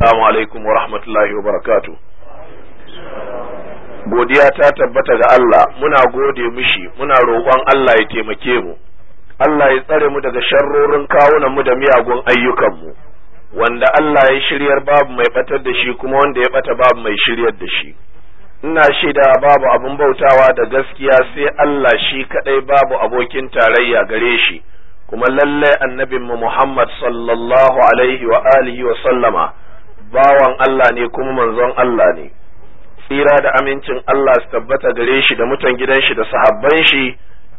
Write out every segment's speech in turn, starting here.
Assalamu alaikum wa rahmatullahi wa barakatu. Godiya ta tabbata ga Allah, muna gode mishi, muna roƙon Allah ya taimake mu. Allah ya tsare mu daga sharrorin kawunan mu da miyagun ayyukanmu, wanda Allah ya shiryar babu mai batar da shi kuma wanda ya bata babu mai shiryar da shi. Ina shaida babu abin bautawa da gaskiya sai Allah shi kadai babu abokin tarayya gare shi, kuma lallai annabinmu Muhammad sallallahu alaihi wa alihi wa sallama. bawan Allah ne kuma manzon Allah ne tsira da amincin Allah su tabbata gare shi da mutan gidan shi da sahabban shi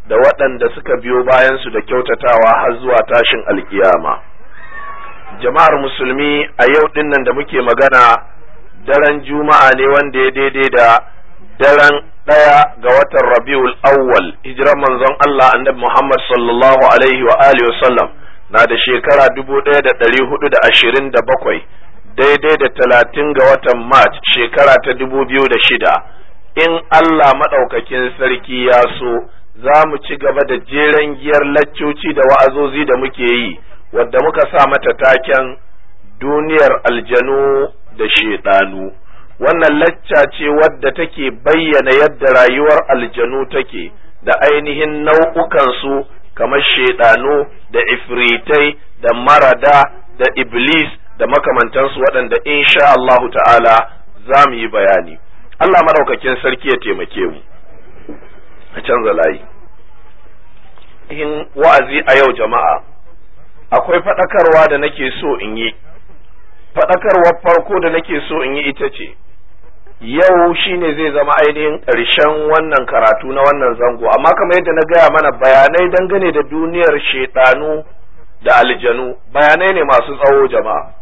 da waɗanda suka biyo bayan su da kyautatawa har zuwa tashin alkiyama jama'ar musulmi a yau dinnan da muke magana daren juma'a ne wanda ya daidai da daren ɗaya ga watan rabiul awwal hijiran manzon Allah annabi Muhammad sallallahu alaihi wa alihi wa sallam na da shekara dubu ɗaya da ɗari hudu da ashirin da bakwai daidai da talatin ga watan march shekara ta dubu biyu da shida in allah maɗaukakin sarki ya so za mu ci gaba da jeren giyar laccoci da wa'azozi da muke yi wadda muka sa mata taken duniyar aljanu da shedanu wannan lacca ce wadda take bayyana yadda rayuwar aljanu take da ainihin nau'ukansu kamar shedanu da ifritai da marada da iblis da makamantansu waɗanda insha Allahu ta'ala za mu yi bayani Allah maɗaukakin sarki ya taimake mu a canza layi in wa'azi a yau jama'a akwai faɗakarwa da nake so in yi faɗakarwar farko da nake so in yi ita ce yau shine zai zama ainihin ƙarshen wannan karatu na wannan zango amma kamar yadda na gaya mana bayanai dangane da duniyar shaiɗanu da aljanu bayanai ne masu tsawo jama'a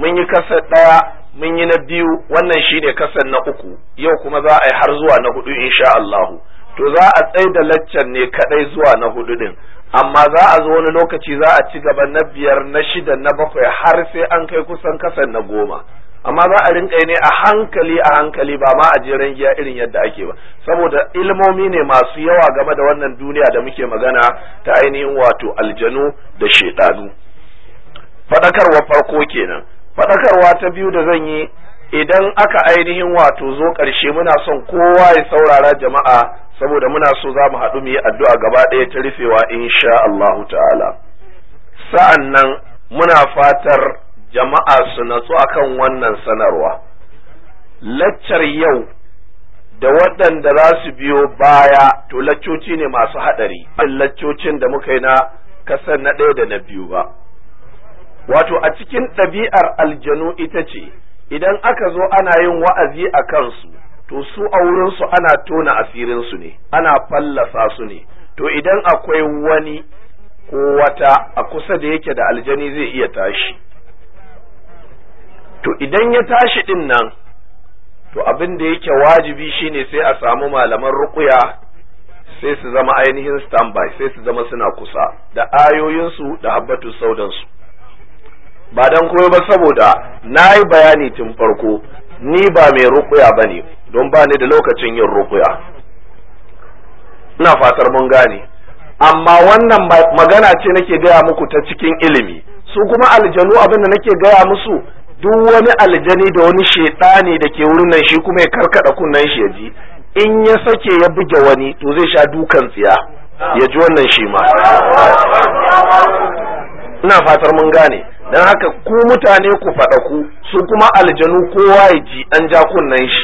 mun yi kasar ɗaya mun yi na biyu wannan shi ne kasar na uku yau kuma za a yi har zuwa na hudu insha Allahu to za a tsaye da laccan ne kaɗai zuwa na hudu ɗin amma za a zo wani lokaci za a ci gaba na biyar na shida na bakwai har sai an kai kusan kasar na goma amma za a rinka ne a hankali a hankali ba ma a jeren giya irin yadda ake ba saboda ilmomi ne masu yawa game da wannan duniya da muke magana ta ainihin wato aljanu da shaidanu faɗakarwa farko kenan faɗakarwa ta biyu da zan yi idan aka ainihin wato zo ƙarshe muna son kowa ya saurara jama'a saboda muna so za mu haɗu mu yi addu'a gaba ɗaya ta rufewa insha Allah ta'ala sa'an nan muna fatar jama'a su natsu akan wannan sanarwa laccar yau da waɗanda za su biyo baya to laccoci ne masu haɗari laccocin da muka yi na kasar na ɗaya da na biyu ba wato a cikin ɗabi'ar aljanu ita ce idan aka zo ana yin wa'azi a kansu to su a wurinsu ana tona asirinsu ne ana fallasa su ne to idan akwai wani ko wata a kusa da yake da aljani zai iya tashi to idan ya tashi din nan to abin da yake wajibi shine sai a samu malaman rukuya sai su zama ainihin standby sai su zama suna kusa da ayoyinsu da habbatu saudansu ba dan kuma ba saboda na yi bayani tun farko ni ba mai rukuya ba ne don ba ni da lokacin yin rukuya ina fatar mun gane amma wannan magana ce nake gaya muku ta cikin ilimi su kuma aljanu abin da nake gaya musu duk wani aljani da wani shaidani da ke wurin nan shi kuma ya karkada kunnan shi ya ji in ya sake ya buge wani to zai sha dukan tsiya ya ji wannan shi ma ina fatar mun gane don haka ku mutane ku ku su kuma aljanu kowa ya ji an ja kunnen shi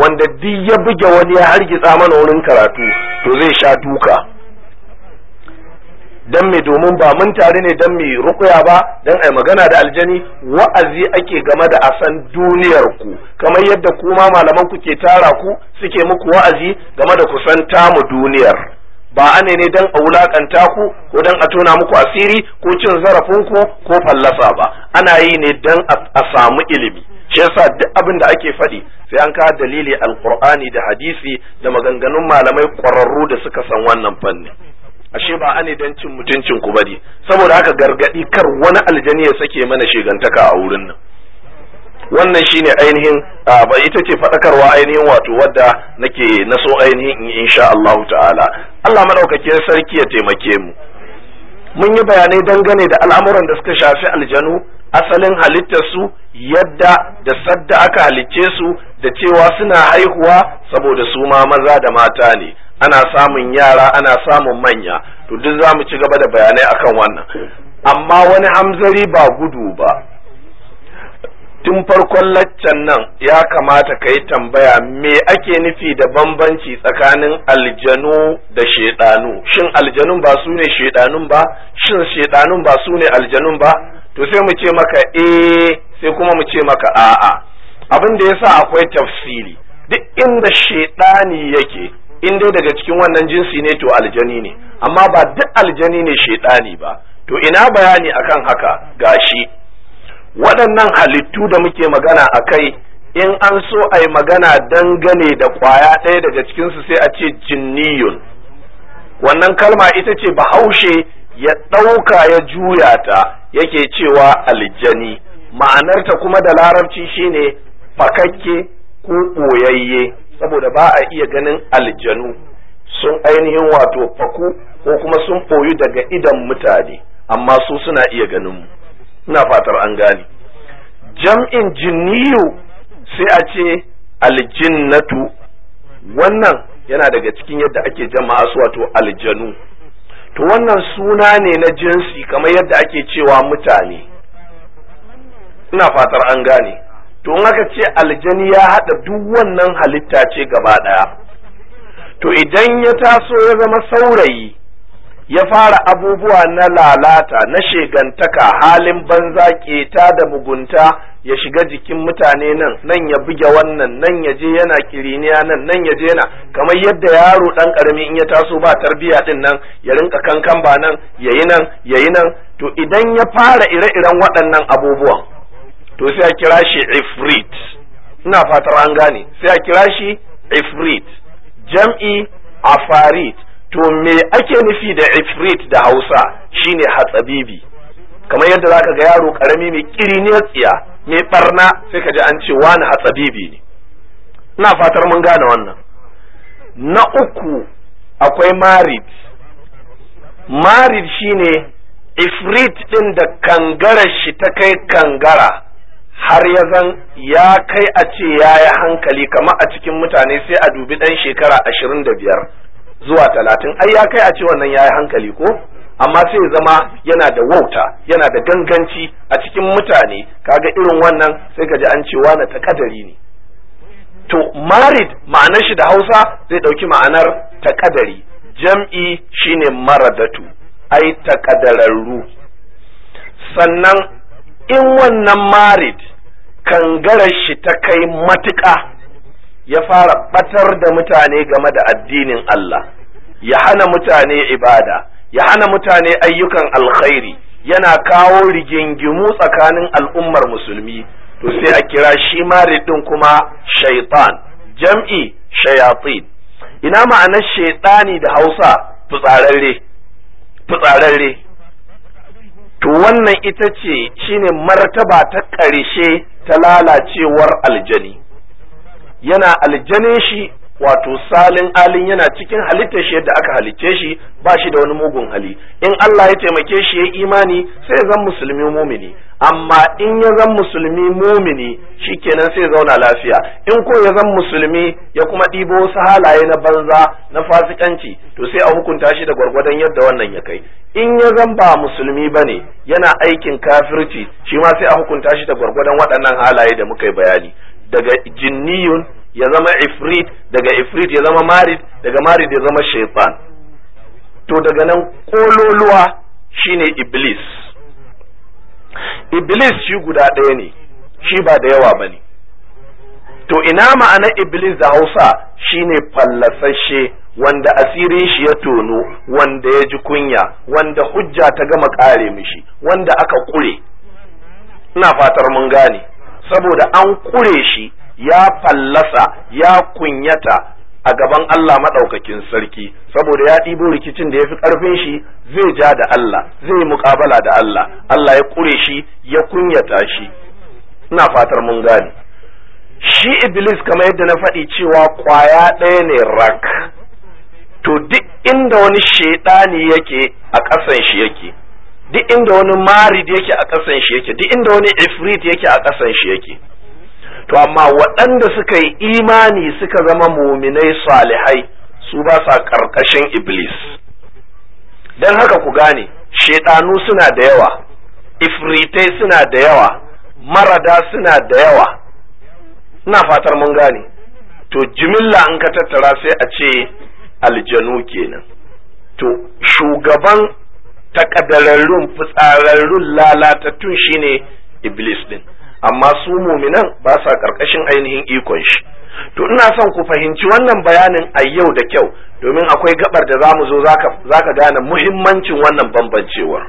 wanda duk ya buge wani ya hargitsa mana wurin karatu to zai sha duka dan me domin ba mun tare ne dan me rukuya ba dan ai magana da aljani wa'azi ake game da asan duniyar ku kamar yadda kuma malaman ku ke tara ku suke muku wa'azi game da kusan tamu duniyar ba ane ne dan a wulakanta ku ko dan a tona muku asiri ko cin zarafinku ko fallasa ba ana yi ne dan a samu ilimi shi yasa duk abin da ake faɗi sai an kawo dalili alqur'ani da hadisi da maganganun malamai ƙwararru da suka san wannan fanni ashe ba ane dan cin mutuncin ku bane saboda haka gargaɗi kar wani aljani ya sake mana shigantaka a wurin nan wannan shine ainihin ba ita ce faɗakarwa ainihin wato wadda nake na so ainihin in sha Allah ta'ala Allah madaukakin sarki ya taimake mu mun yi bayanai dangane da al'amuran da suka shafi aljanu asalin halittarsu yadda da sadda aka halicce su da cewa suna haihuwa saboda su ma maza da mata ne ana samun yara ana samun manya to duk za mu ci gaba da bayanai akan wannan amma wani hamzari ba gudu ba tun farkon laccan nan ya kamata ka yi tambaya me ake nufi da bambanci tsakanin aljanu da shaiɗanu. shin aljanun ba su ne shaiɗanun ba shin shaiɗanun ba su ne aljanun ba to sai mu ce maka eh sai kuma mu ce maka a'a abin da yasa akwai tafsiri duk inda shaiɗani yake in dai daga cikin wannan jinsi ne to aljani ne amma ba duk aljani ne shaiɗani ba to ina bayani akan haka gashi waɗannan halittu da muke magana a kai in an so a yi magana dangane da ƙwaya ɗaya daga cikinsu sai a ce jinniyun wannan kalma ita ce bahaushe ya ɗauka ya juya ta yake cewa aljani ma'anarta kuma da larabci shine fakakke ko ɓoyayye saboda ba a iya ganin aljanu sun ainihin wato faku ko kuma sun ɓoyu daga idan mutane amma su suna iya ganin mu ina fatar an gane jam'in jinniyu sai a ce aljinnatu wannan yana daga cikin yadda ake jama'a su wato aljanu to wannan suna ne na jinsi kamar yadda ake cewa mutane ina fatar an gane to in aka ce aljani ya haɗa duk wannan halitta ce gaba ɗaya to idan ya taso ya zama saurayi ya fara abubuwa na lalata na shegantaka halin banza keta da mugunta ya shiga jikin mutane nan nan ya buge wannan nan ya je yana kiriniya nan nan ya je yana kamar yadda yaro dan karami in ya taso ba tarbiya din nan ya rinka kankan ba nan yayi nan yayi nan to idan ya fara ire-iren waɗannan abubuwan to sai a kira shi ifrit ina fatar an gane sai a kira shi ifrit jam'i afarit to me ake nufi da ifrit da hausa shine hatsabibi kamar yadda zaka ga yaro karami mai ne tsiya mai barna sai ka ji an ce wani hatsabibi ne ina fatar mun gane wannan na uku akwai marid marid shine ifrit din da kangarar shi ta kai kangara har ya zan ya kai a ce ya yi hankali kama a cikin mutane sai a dubi ɗan shekara ashirin da biyar zuwa talatin ai ya kai a ce wannan ya yi hankali ko amma sai zama yana da wauta yana da ganganci a cikin mutane kaga irin wannan sai ka ji an ce wani takadari ne to marid ma'anar shi da hausa zai ɗauki ma'anar takadari jam'i shine maradatu ai takadararru sannan in wannan marid kangarar shi ta kai matuƙa ya fara batar da mutane game da addinin Allah ya hana mutane ibada ya hana mutane ayyukan alkhairi yana kawo rigingimu tsakanin al'ummar musulmi to sai a kira shi ɗin kuma shaitan jam'i shayatin ina ma'anar shaitani da hausa fitsararre fitsararre to wannan ita ce shine martaba ta ƙarshe ta lalacewar aljani yana aljane shi wato salin alin yana cikin halittar shi yadda aka halicce shi ba shi da wani mugun hali in Allah ya taimake shi ya imani sai zan musulmi mumini amma in ya zan musulmi mumini kenan sai zauna lafiya in ko ya zan musulmi ya kuma ɗibo wasu halaye na banza na fasikanci to sai a hukunta shi da gwargwadon yadda wannan ya kai in ya zan ba musulmi ba ne yana aikin kafirci shi ma sai a hukunta shi da gwargwadon waɗannan halaye da muka yi bayani daga jinniyun ya zama ifrit daga ifrit ya zama marid daga marid ya zama shaitan to daga nan kololuwa shine iblis iblis shi guda ɗaya ne shi ba da yawa ba ne to ina ma'ana iblis da hausa shine fallasashe wanda asirin shi ya tono wanda ya ji kunya wanda hujja ta gama kare mishi wanda aka kure ina fatar mun gane saboda an kure shi ya fallasa ya kunyata a gaban Allah maɗaukakin sarki saboda ya ɗibo rikicin da ya fi ƙarfin shi zai ja da Allah zai muƙabala da Allah Allah ya kure shi ya kunyata shi ina fatar mun gane shi Iblis kamar yadda na faɗi cewa ƙwaya ɗaya ne rak to duk inda wani shaiɗani yake a ƙasan shi yake duk inda wani marid yake a ƙasan shi yake duk inda wani ifrit yake a ƙasan shi yake to amma waɗanda suka yi imani suka zama muminai salihai su ba sa ƙarƙashin iblis don haka ku gane shaidanu suna da yawa ifritai suna da yawa marada suna da yawa ina fatar mun gane to jimilla in ka tattara sai a ce aljanu kenan to shugaban takadararrun fitsararrun lalatattun shine iblis din amma su muminan ba sa karkashin ainihin ikon shi to ina son ku fahimci wannan bayanin a yau da kyau domin akwai gabar da zamu zo zaka gane muhimmancin wannan bambancewar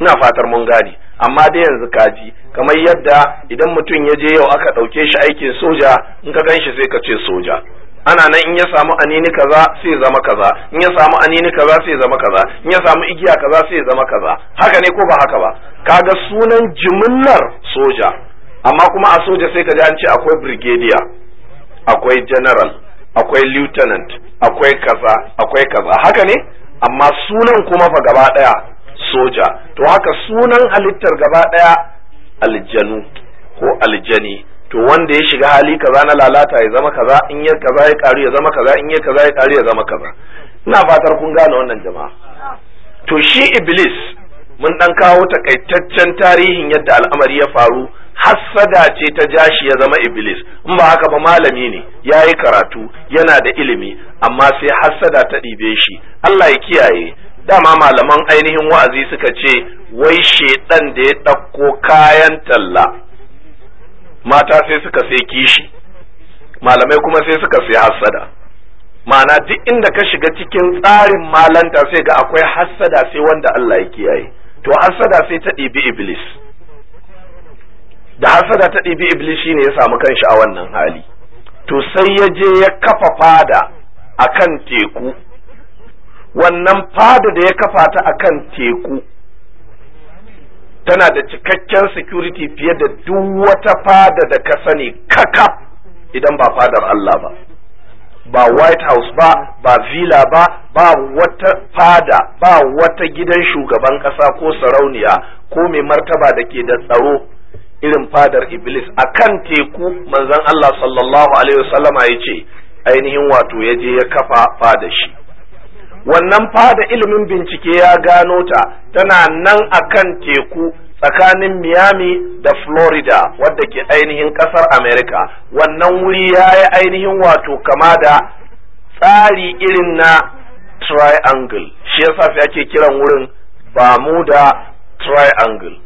ina fatar mun gane amma dai yanzu kaji kamar yadda idan mutum ya je yau aka ɗauke shi aikin soja in ka ganshi sai ka ce soja ana nan in ya samu anini kaza sai zama kaza in ya samu anini kaza sai zama kaza in ya samu igiya kaza sai zama kaza haka ne ko ba haka ba kaga sunan jimillar soja amma kuma a soja sai ka ji an ce akwai brigadier akwai general akwai lieutenant akwai kaza akwai kaza haka ne amma sunan kuma fa gaba daya soja to haka sunan halittar gaba daya aljanu ko aljani to wanda ya shiga hali kaza na lalata ya zama kaza in ya kaza ya karu ya zama kaza in ya kaza ya karu ya zama kaza ina fatar kun gane wannan jama'a to shi iblis mun dan kawo takaitaccen tarihin yadda al'amari ya faru hassada ce ta jashi ya zama iblis in ba haka ba malami ne ya yi karatu yana da ilimi amma sai hassada ta ɗibe shi Allah ya kiyaye dama malaman ainihin wa'azi suka ce wai shedan da ya ɗauko kayan talla mata sai suka sai kishi malamai kuma sai suka sai hassada ma'ana duk inda ka shiga cikin tsarin malanta sai ga akwai hassada sai wanda Allah ya kiyaye to hassada sai ta ɗibi iblis da hassada ta ɗibi iblis shine ya samu kanshi a wannan hali to sai ya je ya kafa fada akan teku wannan fada da ya kafa ta akan teku tana da cikakken security fiye da duk wata fada da ka sani kakaf idan ba fadar Allah ba ba white house ba ba villa ba ba wata fada ba wata gidan shugaban kasa ko sarauniya ko mai martaba da ke da tsaro irin fadar iblis A kan teku manzon Allah sallallahu alaihi wasallama ya ce ainihin wato ya je ya kafa fada shi wannan fada ilimin bincike ya gano ta tana nan akan teku tsakanin Miami da Florida wadda ke ainihin kasar America wannan wuri ya yi ainihin wato kama da tsari irin na triangle shi yasa fi ake kiran wurin Bermuda triangle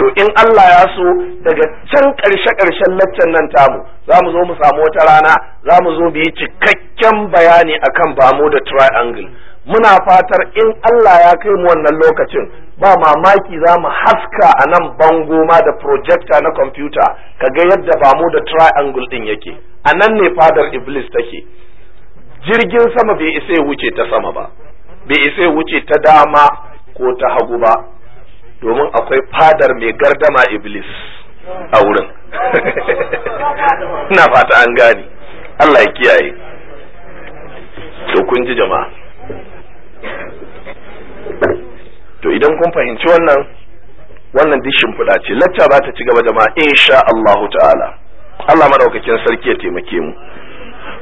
to in Allah ya so daga can ƙarshe karshen laccan nan tamu za mu zo mu samu wata rana za mu zo biyi cikakken bayani akan bamu da triangle muna fatar in Allah ya kai mu wannan lokacin ba mamaki za mu haska a nan bango ma da projector na kwamfuta ka ga yadda bamu da triangle ɗin yake a nan ne fadar iblis take jirgin sama bai isa ya wuce ta sama ba bai isa ya wuce ta dama ko ta hagu ba domin akwai fadar mai gardama iblis a wurin ina fata an gani. Allah ya kiyaye to kun ji jama'a to idan kun fahimci wannan wannan dishin fuda ce lacca za ta ci gaba jama'a insha Allahu ta'ala Allah madaukakin sarki ya taimake mu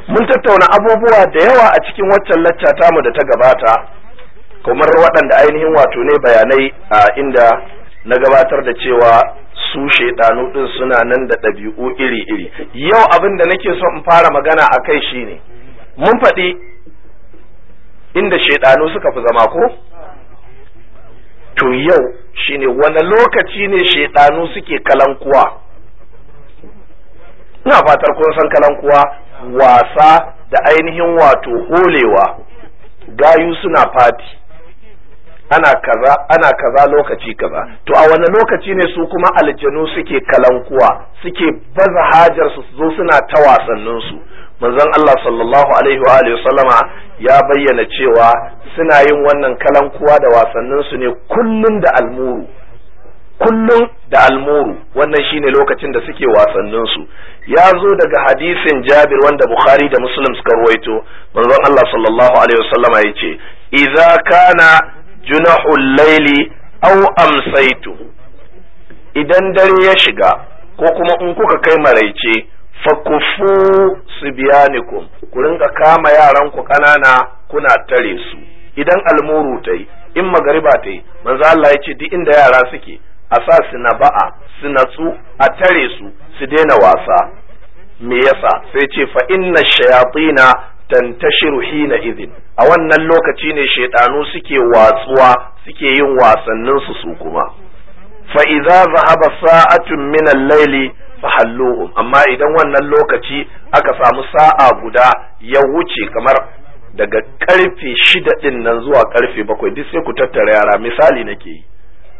mun tattauna abubuwa da yawa a cikin waccan lacca tamu da ta gabata kamar waɗanda ainihin wato ne bayanai a inda na gabatar da cewa su shaidanu ɗin suna nan da ɗabi'u iri-iri yau abin da nake son in fara magana a kai shi ne, mun faɗi inda shaidanu suka fi zama ko to yau ne wani lokaci ne shaidanu suke kalankuwa ina fatar kun san kalankuwa wasa da ainihin wato holewa gayu suna fati ana kaza ana kaza lokaci kaza to a wani lokaci ne su kuma aljanu suke kalankuwa suke baza hajar su zo suna ta wasannin su manzon Allah sallallahu alaihi wa alihi sallama ya bayyana cewa suna yin wannan kalankuwa da wasannin su ne kullun da almuru kullum da almuru wannan shine lokacin da suke wasannin su ya zo daga hadisin Jabir wanda Bukhari da Muslim suka ruwaito manzon Allah sallallahu alaihi wa sallama yace idza kana junahul laili au amsaitu idan dare ya shiga ko kuma in kuka kai maraice fakufu sibyanikum ku rinka kama yaran ku kanana kuna tare su idan almuru ta yi in magariba ta yi manzo Allah ya ce duk inda yara suke a sa su na ba'a su natsu a tare su su daina wasa me yasa sai ce fa inna shayatina tantashiru hina idin a wannan lokaci ne shaiɗanu suke watsuwa suke yin wasannin su su kuma fa idza zahaba sa'atun min al-layli amma idan wannan lokaci aka samu sa'a guda ya wuce kamar daga karfe shida din nan zuwa karfe bakwai duk sai ku tattara yara misali nake yi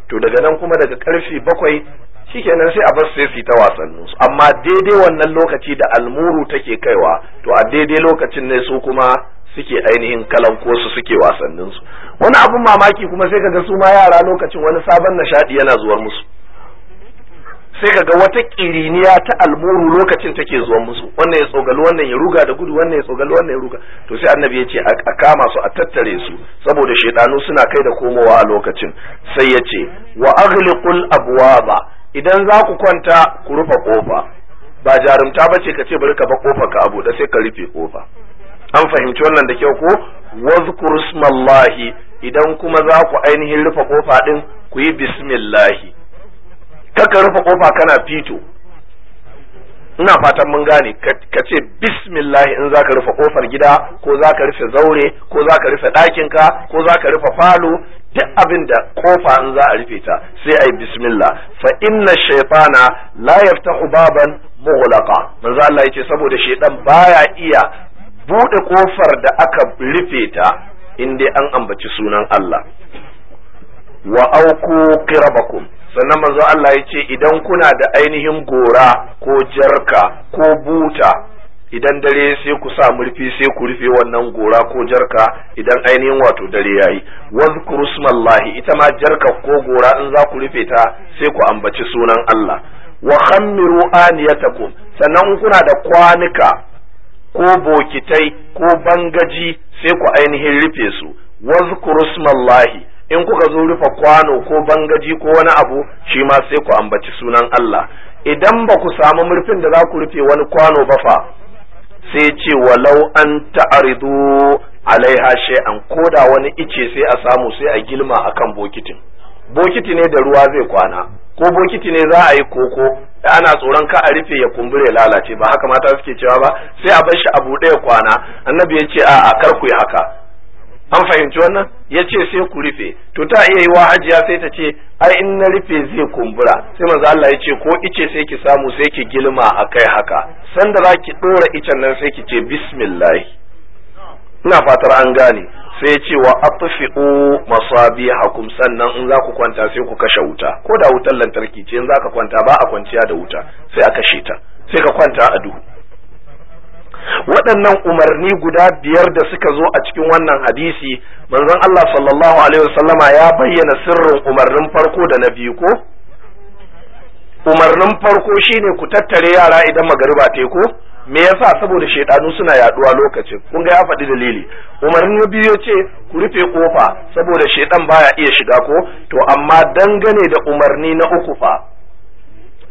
to daga nan kuma daga karfe bakwai shikenan sai a bar sai su ta wasannin su amma daidai wannan lokaci da almuru take kaiwa to a daidai lokacin ne su kuma suke ainihin kalanko su suke wasannin su wani abun mamaki kuma sai kaga su ma yara lokacin wani sabon nishadi yana zuwar musu sai ga wata ƙiriniya ta almuru lokacin take zuwa musu wannan ya tsogali wannan ya ruga da gudu wannan ya tsogali wannan ya ruga to sai annabi ya ce a kama su a tattare su saboda shaidanu suna kai da komowa a lokacin sai ya ce wa aghliqul abwaba idan za ku kwanta ku rufe kofa ba jarumta ba ce ka ce bari ka ba kofa ka abu da sai ka rufe kofa an fahimci wannan da kyau ko wazkur ismallahi idan kuma za ku ainihin rufe kofa din ku yi bismillahi ka rufe kofa kana fito ina fatan mun gane ka ce bismillah in zaka rufe kofar gida ko zaka rufe zaure ko zaka rufe ɗakinka ko zaka rufe falo duk abin da kofa in za a rufe ta sai ai bismillah fa inna shaytana la yaftahu baban mughlaqa manzo Allah yace saboda shaytan baya iya bude kofar da aka rufe ta in dai an ambaci sunan Allah wa auku qirabakum sannan manzo Allah ya ce idan kuna da ainihin gora ko jarka ko buta idan dare sai ku sa murfi sai ku rufe wannan gora ko jarka idan ainihin wato dare yayi wazkuru smallahi ita ma jarka ko gora in za ku rufe ta sai ku ambaci sunan Allah wa khammiru aniyatakum sannan kuna da kwanuka ko bokitai ko bangaji sai ku ainihin rufe su wazkuru in kuka zo rufe kwano ko bangaji ko wani abu shi ma sai ku ambaci sunan Allah idan ba ku samu murfin da za ku rufe wani kwano ba fa sai ce walau an ta'aridu alaiha shay'an koda wani ice sai a samu sai a gilma akan bokitin bokiti ne da ruwa zai kwana ko bokiti ne za a yi koko ana tsoron ka a rufe ya kumbure lalace ba haka mata suke cewa ba sai a bar shi a buɗe kwana annabi ya ce a'a kar ku yi haka an fahimci wannan ya ce sai ku rufe to ta iya yi wa hajiya sai ta ce ai in na rufe zai kumbura sai manzo Allah ya ce ko ice sai ki samu sai ki gilma a kai haka sanda za ki dora icen nan sai ki ce bismillah ina fatar an gane sai ya ce wa atfi'u masabihakum sannan in za ku kwanta sai ku kashe wuta ko da wutar lantarki ce in za ka kwanta ba a kwanciya da wuta sai a kashe ta sai ka kwanta a duhu waɗannan umarni guda biyar da suka zo a cikin wannan hadisi manzon Allah sallallahu alaihi wasallama ya bayyana sirrin umarnin farko da na biyu ko umarnin farko shine ku tattare yara idan magariba ta ko me yasa saboda shedanu suna yaduwa lokacin kun ga ya faɗi dalili umarnin na biyu ce ku rufe kofa saboda shedan baya iya shiga ko to amma dangane da umarni na uku fa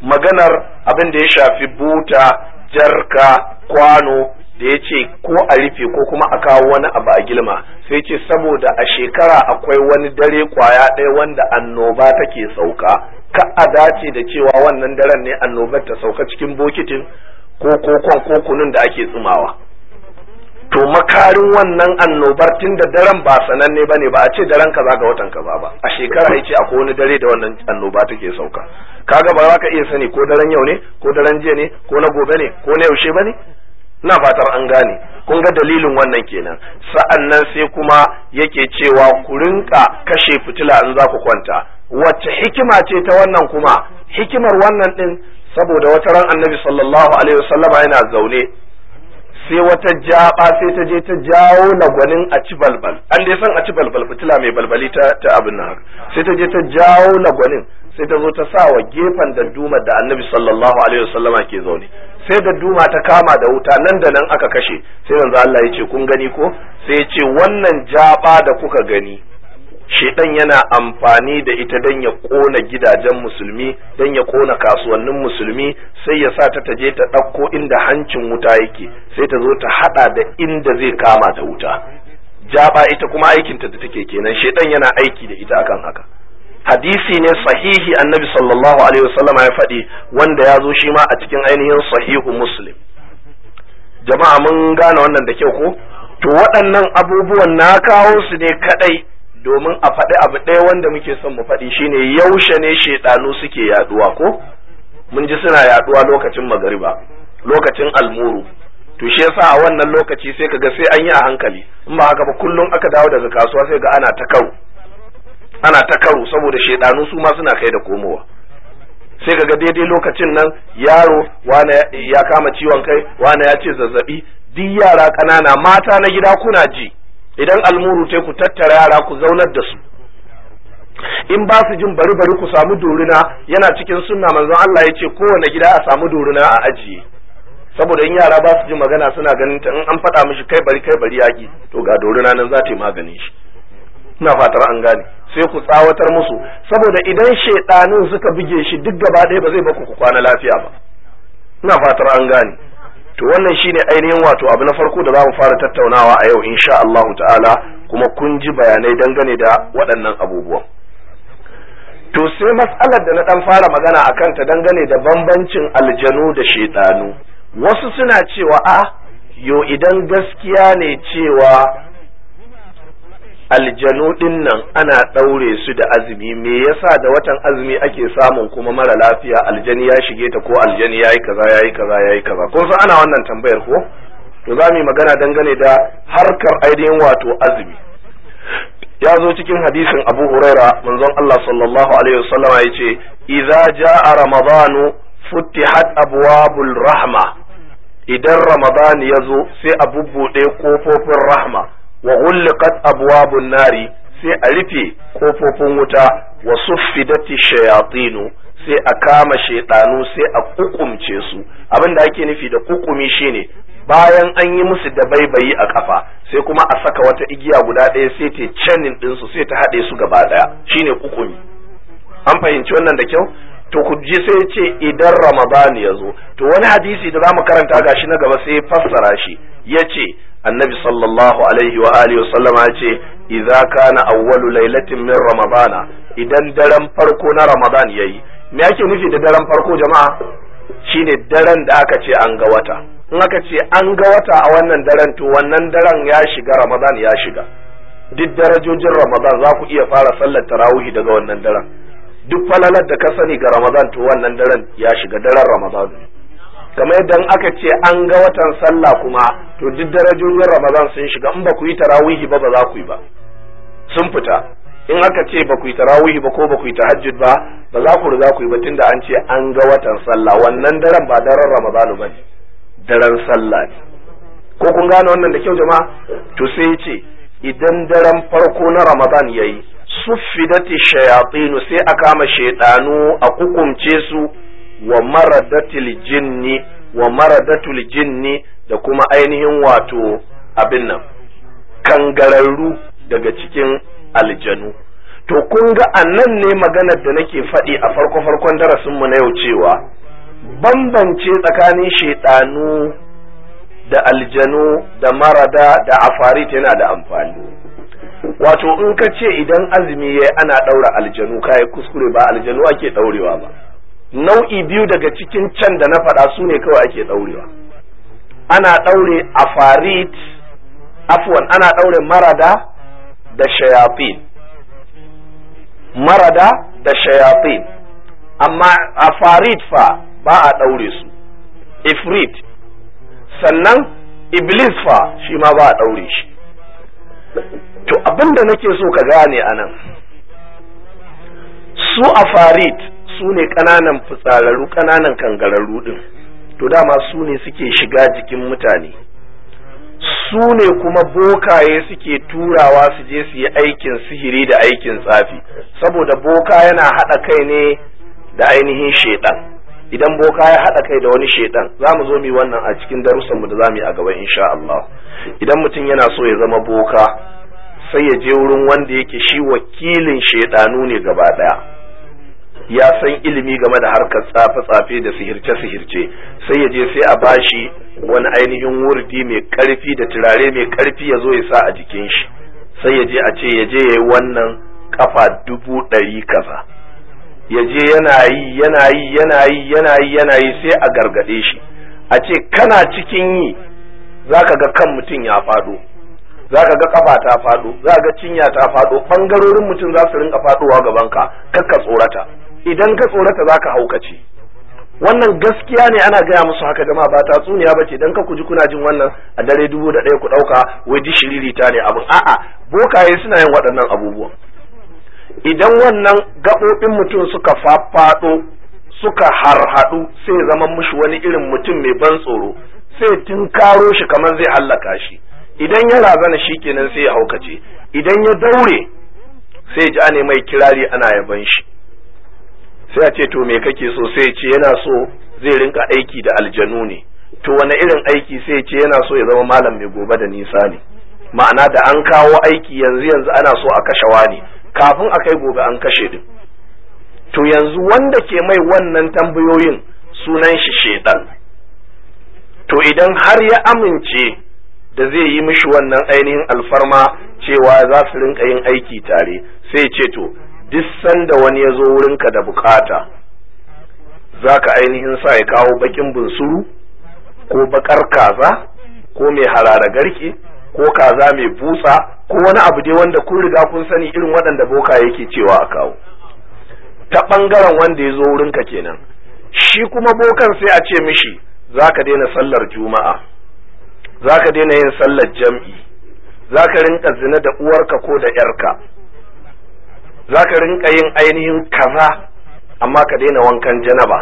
maganar abin da ya shafi buta jarka kwano da ya ce ko a rufe ko kuma a kawo wani abu a gilma sai ce saboda a shekara akwai wani dare kwaya ɗaya wanda annoba take sauka ka a dace da cewa wannan daren ne annobar ta sauka cikin bokitin ko kokon ko kunun da ake tsumawa to makarin wannan annobar tun da daren ba sananne ba ne ba a ce daren kaza ga watan kaza ba a shekara ya ce akwai wani dare da wannan annoba take sauka kaga ba za ka iya sani ko daren yau ne ko daren jiya ne ko na gobe ne ko na yaushe ba ne na fatar an gane kun ga dalilin wannan kenan Sa'an nan sai kuma yake cewa ku rinka kashe fitila in za ku kwanta wacce hikima ce ta wannan kuma hikimar wannan din saboda wata ran annabi sallallahu alaihi wasallama yana zaune sai wata jaba sai ta je ta jawo na gwanin a ci balbal an dai san a ci balbal fitila mai balbali ta ta abin nan sai ta je ta jawo na gwanin sai ta zo ta sa wa gefen da da annabi sallallahu alaihi wasallama ke zaune sai da duma ta kama da wuta nan da nan aka kashe sai manzo Allah ya ce kun gani ko sai ya ce wannan jaba da kuka gani shedan yana amfani da ita dan ya kona gidajen musulmi dan ya kona kasuwannin musulmi sai ya sa ta taje ta ɗauko inda hancin wuta yake sai ta zo ta hada da inda zai kama da wuta jaba ita kuma aikinta da take kenan shedan yana aiki da ita akan haka hadisi ne sahihi annabi sallallahu alaihi wasallam ya faɗi wanda ya zo shi ma a cikin ainihin sahihu muslim jama'a mun gane wannan da kyau ko to waɗannan abubuwan na kawo su ne kadai domin a faɗi abu ɗaya wanda muke son mu faɗi shine yaushe ne shedanu suke yaduwa ko mun ji suna yaduwa lokacin magariba lokacin almuru to shi yasa a wannan lokaci sai kaga sai an yi a hankali in ba haka ba kullum aka dawo daga kasuwa sai ga ana ta karo ana ta saboda shedanu su ma suna kai da komowa sai kaga daidai lokacin nan yaro wane ya kama ciwon kai wane ya ce zazzabi duk yara ƙanana mata na gida kuna ji idan almuru te ku tattara yara ku zaunar da su in ba su jin bari bari ku samu doruna yana cikin sunna manzon Allah ya ce kowane gida a samu doruna a ajiye saboda in yara ba su ji magana suna ganin ta in an faɗa mishi kai bari kai bari yaki to ga doruna nan za ta yi maganin shi ina fatar an gane sai ku tsawatar musu saboda idan shedanin suka buge shi duk gaba ɗaya ba zai baku ku kwana lafiya ba ina fatar an gane to wannan shine ainihin wato abu na farko da za mu fara tattaunawa a yau insha Allah ta'ala kuma kun ji bayanai dangane da waɗannan abubuwan to sai matsalar da na ɗan fara magana a kanta dangane da bambancin aljanu da shaitanu wasu suna cewa a yo idan gaskiya ne cewa aljanu nan ana ɗaure su da azumi me yasa da watan azumi ake samun kuma mara lafiya aljani ya shige ta ko aljani ya yi kaza ya yi kaza ya yi kaza kun san ana wannan tambayar ko to za mu magana dangane da harkar ainihin wato azumi ya zo cikin hadisin abu huraira manzon allah sallallahu alaihi wasallam ya ce idza jaa ramadanu futtihat abwabul rahma idan ramadan ya zo sai a bubbuɗe kofofin rahma wa ghulqat abwabun nari sai a rufe kofofin wuta wa suffidati shayatinu sai a kama shaidanu sai a kukumce su abin da ake nufi da kukumi shine bayan an yi musu da baibayi a kafa sai kuma a saka wata igiya guda ɗaya sai ta canin ɗinsu sai ta haɗe su gaba ɗaya shine kukumi an fahimci wannan da kyau to ku ji sai ce idan ramadan ya zo to wani hadisi da zamu karanta gashi na gaba sai fassara shi yace ce annabi sallallahu alaihi wa alihi ya ce idza kana awwalu lailatin min ramadana idan daren farko na ramadan yayi me ake nufi da daren farko jama'a shine daren da aka ce an ga wata in aka ce an ga wata a wannan daren to wannan daren ya shiga ramadan ya shiga duk darajojin ramadan za ku iya fara sallar tarawihi daga wannan daren duk falalar da ka sani ga ramadan to wannan daren ya shiga daren ramadan kamar yadda aka ce an ga watan sallah kuma to duk darajojin ramadan sun shiga in ba ku yi tarawihi ba ba za ku yi ba sun fita in aka ce ba ku yi tarawihi ba ko ba ku yi tahajjud ba ba za ku riga ku yi ba tunda an ce an ga watan sallah wannan daren ba daren ramadan ba ne daren sallah ne ko kun gane wannan da kyau jama'a to sai ya ce idan daren farko na ramadan yayi sufidati shayatinu sai a kama shaidanu a hukumce su wa maradatul jinni wa maradatul jinni da kuma ainihin wato abin nan kangararru daga cikin aljanu to kun ga annan ne maganar da nake faɗi a farko farkon mu na yau cewa bambance tsakanin shaidanu da aljanu da marada da afarit yana da amfani wato in ka ce idan azumi ya ana ɗaura aljanu kayi kuskure ba aljanu ake ɗaurewa ba nau'i biyu daga cikin can da na faɗa su ne kawai ake ɗaurewa ana ɗaure afarit afwan ana ɗaure marada da shayafin marada da shayafin amma afarit fa ba a ɗaure su ifrit sannan iblis fa shi ma ba a ɗaure shi to abinda nake so ka gane anan. nan su afarit su ne ƙananan fitsararru ƙananan kangararru ɗin to dama su ne suke shiga jikin mutane su ne kuma bokaye suke turawa su je su yi aikin sihiri da aikin tsafi saboda boka yana haɗa kai ne da ainihin shaidan idan boka ya haɗa kai da wani shaidan za mu zo mu wannan a cikin darussanmu da za mu yi a gaba insha Allah idan mutum yana so ya zama boka sai ya je wurin wanda yake shi wakilin shaidanu ne gaba ɗaya ya san ilimi game da harkar tsafe-tsafe da sihirce-sihirce sai ya je sai a bashi wani ainihin wurdi mai karfi da turare mai karfi ya zo ya sa a jikin shi sai ya je a ce ya je ya yi wannan kafa dubu ɗari kaza ya je yana yi yana yi yana yi yana yi yana yi sai a gargaɗe shi a ce kana cikin yi za ga kan mutum ya faɗo za ka ga kafa ta faɗo za ga cinya ta faɗo ɓangarorin mutum za su rinka faɗowa gaban ka kakka tsorata idan ka tsorata za ka haukace wannan gaskiya ne ana gaya musu haka jama'a ba tatsuniya ba ce dan ka kuji kuna jin wannan a dare dubu da ɗaya ku ɗauka wai shiriri shiririta ne abin a'a bokaye suna yin waɗannan abubuwan idan wannan gaɓoɓin mutum suka faɗo suka harhaɗu sai zama mushi wani irin mutum mai ban tsoro sai tunkaro shi kamar zai hallaka shi idan ya razana shi kenan sai ya haukace idan ya daure sai ji ne mai kirari ana yaban shi sai a ce to me kake so sai ce yana so zai rinka aiki da aljanu ne to wani irin aiki sai ce yana so ya zama malam mai gobe da nisa ne ma'ana da an kawo aiki yanzu yanzu ana so a kashe wani kafin a kai gobe an kashe din to yanzu wanda ke mai wannan tambayoyin sunan shi shedan to idan har ya amince da zai yi mishi wannan ainihin alfarma cewa za su rinka yin aiki tare sai ce to duk sanda wani ya zo wurinka da bukata za ka ainihin sa ya kawo bakin bunsuru ko bakar kaza ko mai harara garki, ko kaza mai busa ko wani abu dai wanda kun riga kun sani irin waɗanda boka yake cewa a kawo ta ɓangaren wanda ya zo wurinka kenan shi kuma bokan sai a ce mishi za ka daina sallar juma'a za ka daina yin sallar jam'i za ka rinka zina da uwarka ko da ‘yarka za ka rinka yin ainihin kaza amma ka daina wankan janaba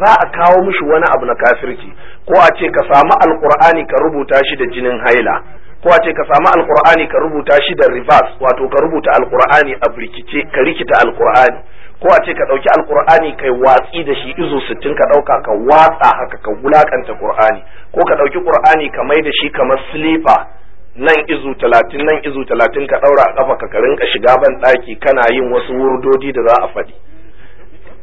za a kawo mishi wani abu na kafirci ko a ce ka samu alkur'ani ka rubuta shi da jinin haila ko a ce ka samu alkur'ani ka rubuta shi da reverse wato ka rubuta alkur'ani a rikice ka rikita alkur'ani ko a ce ka ɗauki alkur'ani kai watsi da shi izo sittin ka ɗauka ka watsa haka ka wulakanta Ƙur'ani. ko ka ɗauki Ƙur'ani ka mai da shi kamar silifa nan izu talatin nan izu talatin ka ɗaura a ƙafa ka rinka shiga ban ɗaki kana yin wasu wurdodi da za a faɗi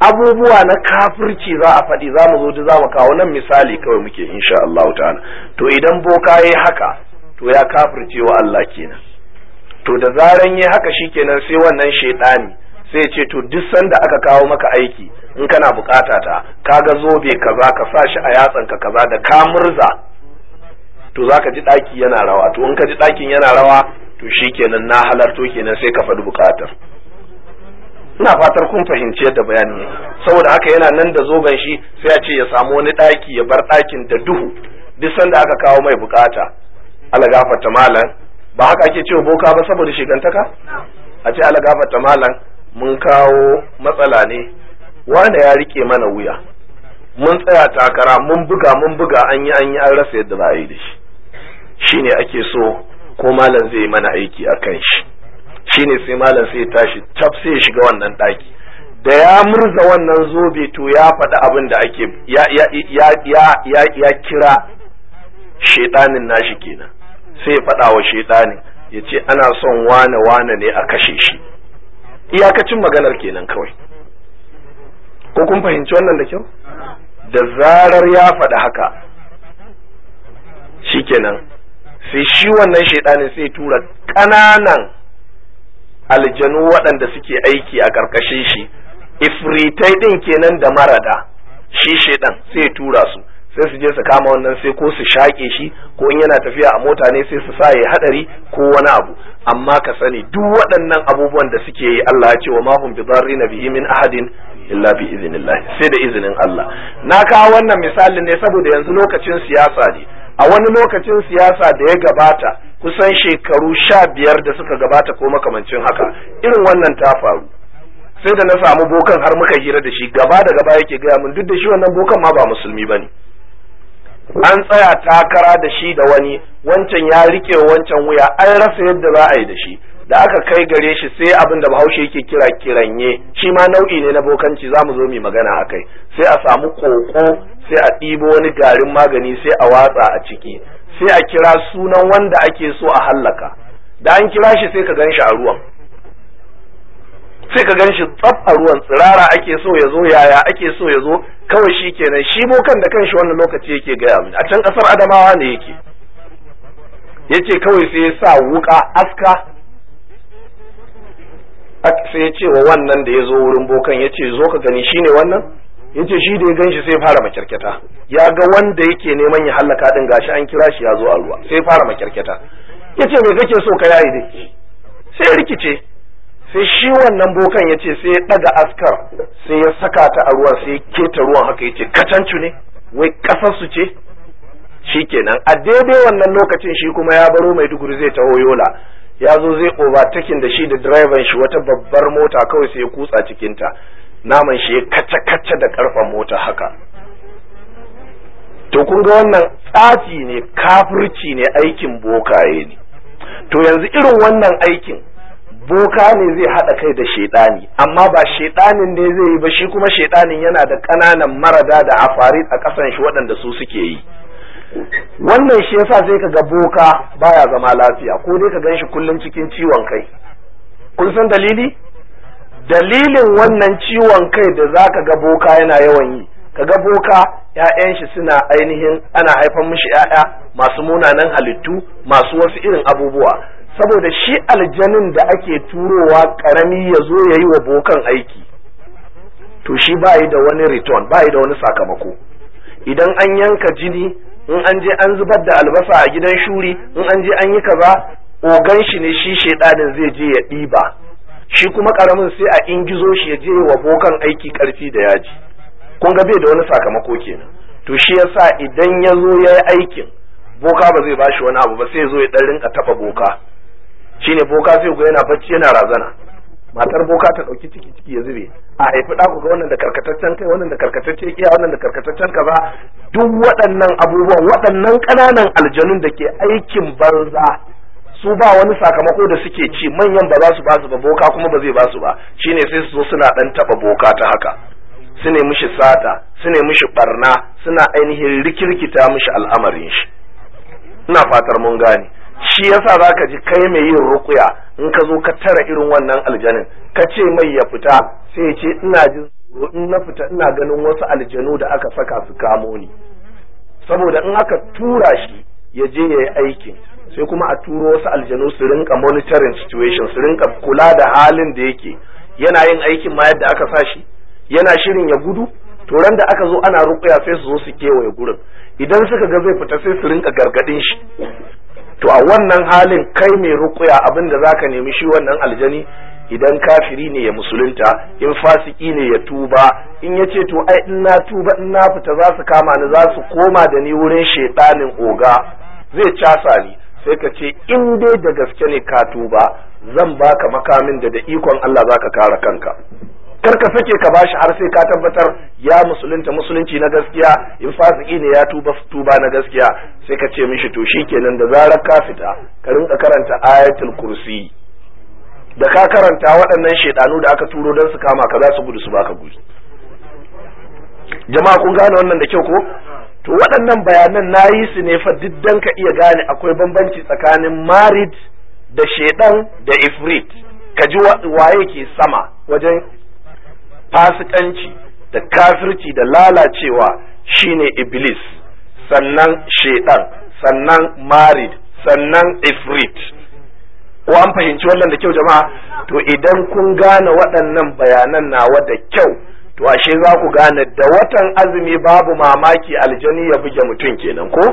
abubuwa na kafirci za a faɗi za mu zo da za mu kawo nan misali kawai muke insha Allah ta'ala to idan boka yayi haka to ya kafirce wa Allah kenan to da zaran yayi haka shikenan sai wannan shaiɗani sai ce to duk sanda aka kawo maka aiki in kana bukata ta kaga zobe kaza ka sa shi a yatsanka kaza da ka murza to zaka ji ɗaki yana rawa to in ka ji ɗakin yana rawa to shikenan na halarto kenan sai ka faɗi bukatar ina fatar kun fahimci yadda bayanin ne saboda haka yana nan da zoben shi sai a ce ya samu wani ɗaki ya bar ɗakin da duhu duk sanda aka kawo mai bukata ala gafarta malan ba haka ake cewa boka ba saboda shigantaka a ce ala gafarta malam mun kawo matsala ne wanda ya rike mana wuya mun tsaya takara mun buga mun buga an yi an yi an rasa yadda za a yi da shi Shi ne ake so ko malam zai yi mana aiki a kan shi ne sai malam sai tashi taf sai shiga wannan ɗaki da ya murza wannan zobe to ya faɗi abin da ake ya kira shaitanin nashi kenan sai ya faɗa wa shaitanin ya ce ana son wane wane ne a kashe shi iyakacin maganar kenan kawai ko kun fahimci wannan da kyau da zarar ya faɗi haka shikenan sai shi wannan shaidanin sai tura ƙananan aljanu waɗanda suke aiki a ƙarƙashin shi ifritai ɗin kenan da marada shi shaidan sai tura su sai su je su kama wannan sai ko su shaƙe shi ko in yana tafiya a mota ne sai su sa ya hadari ko wani abu amma ka sani duk waɗannan abubuwan da suke yi Allah ya ce wa mahum bi na bihi min ahadin illa bi iznillah sai da izinin Allah na kawo wannan misalin ne saboda yanzu lokacin siyasa ne a wani lokacin siyasa da ya gabata kusan shekaru sha biyar da suka gabata ko makamancin haka irin wannan ta faru sai da na samu bokan har muka hira da shi gaba da gaba yake gaya min duk da shi wannan bokan ma ba musulmi bane an tsaya takara da shi da wani wancan ya rike wancan wuya an rasa yadda za a yi da shi da aka kai gare shi sai abin da bahaushe yake kira kiranye shi ma nau'i ne na bokanci za mu zo mu magana a kai sai a samu koko sai a ɗibo wani garin magani sai a watsa a ciki sai a kira sunan wanda ake so a hallaka da an kira shi sai ka gan a ruwan sai ka gan shi tsaf a ruwan tsirara ake so ya zo yaya ake so ya zo kawai shi kenan shi bokan da kanshi wannan lokaci yake gaya a can ƙasar adamawa ne yake yace kawai sai ya sa wuka aska sai ya ce wa wannan da ya zo wurin bokan ya ce zo ka gani shine wannan ya ce shi da ya ganshi sai fara makyarkyata ya ga wanda yake neman ya hallaka din gashi an kira shi ya zo a ruwa sai fara makyarkyata ya ce me kake so ka yayi dai sai rikice sai shi wannan bokan ya ce sai ya daga askar sai ya saka ta a ruwa sai ya keta ruwan haka ya ce katancu ne wai ƙasarsu ce shi kenan a daidai wannan lokacin shi kuma ya baro mai duguri zai taho yola ya zo zai takin da shi da direban shi wata babbar mota kawai sai ya kutsa cikinta naman shi ya kacce-kacce da karfan mota haka to kun ga wannan tsafi ne kafirci ne aikin bokaye ne to yanzu irin wannan aikin boka ne zai haɗa kai da shaidani amma ba shaidanin ne zai yi ba shi kuma shaidanin yana da ƙananan marada da afarid a ƙasan shi waɗanda su suke yi wannan shi yasa sai ka ga boka baya zama lafiya ko dai ka gan shi kullum cikin ciwon kai kun san dalili dalilin wannan ciwon kai da za ka ga boka yana yawan yi ka ga boka ‘ya'yan shi suna ainihin ana haifan mishi ‘ya'ya masu munanan halittu masu wasu irin abubuwa saboda shi aljanin da ake turowa karami ya zo ya yi wa bokan aiki to shi ba da wani return ba da wani sakamako idan an yanka jini in an je an zubar da albasa a gidan shuri in an je an yi kaza ogan shi ne shi shedanin zai je ya ɗiba shi kuma karamin sai a ingizo shi ya je wa bokan aiki karfi da yaji kun ga bai da wani sakamako kenan to shi yasa idan ya zo ya yi aikin boka ba zai bashi wani abu ba sai ya zo ya ɗan rinka taɓa boka shine boka sai ga yana bacci yana razana matar boka ta dauki ciki ciki ya zube a haifi ɗaku ga wannan da karkataccen kai wannan da karkataccen kiya wannan da karkataccen kaza duk waɗannan abubuwan waɗannan ƙananan aljanun da ke aikin banza su ba wani sakamako da suke ci manyan ba za su ba su ba boka kuma ba zai ba su ba shine sai su zo suna ɗan taɓa boka ta haka su ne mishi sata su ne mishi barna suna ainihin rikirkita mishi al'amarin shi ina fatar mun gane shi yasa ka ji kai mai yin rukuya in ka zo ka tara irin wannan aljanin ka ce mai ya fita sai ya ce ina jin in na fita ina ganin wasu aljanu da aka saka su kamo ni saboda in aka tura shi ya je ya yi aikin sai kuma a turo wasu aljanu su rinka monitoring situation su rinka kula da halin da yake yana yin aikin ma yadda aka sa shi yana shirin ya gudu to ran da aka zo ana rukuya sai su zo su kewaye gurin idan suka ga zai fita sai su rinka gargadin shi to a wannan halin kai mai rukuya abin da zaka nemi shi wannan aljani idan kafiri ne ya musulunta in fasiki ne ya tuba in ya ce to ai in na tuba in na fita za su kama ni za su koma da ni wurin shaidanin oga zai casa ni sai ka ce in dai da gaske ne ka tuba zan baka makamin da da ikon Allah zaka kare kanka kar ka sake ka bashi har sai ka tabbatar ya musulunta musulunci na gaskiya in fasiki ne ya tuba tuba na gaskiya sai ka ce mishi to shikenan da zarar ka fita ka rinka karanta ayatul kursi da ka karanta waɗannan shaidanu da aka turo don su kama ka za su gudu su baka gudu jama'a kun gane wannan da kyau ko to waɗannan bayanan na yi su ne fa diddan ka iya gane akwai bambanci tsakanin marid da shaidan da ifrit ka ji waye ke sama wajen fasikanci da kafirci da lalacewa shine iblis sannan shaidan sannan marid sannan ifrit ko an fahimci wannan da kyau jama'a to idan kun gane waɗannan bayanan nawa da kyau to ashe za ku gane da watan azumi babu mamaki aljani ya buge mutum kenan ko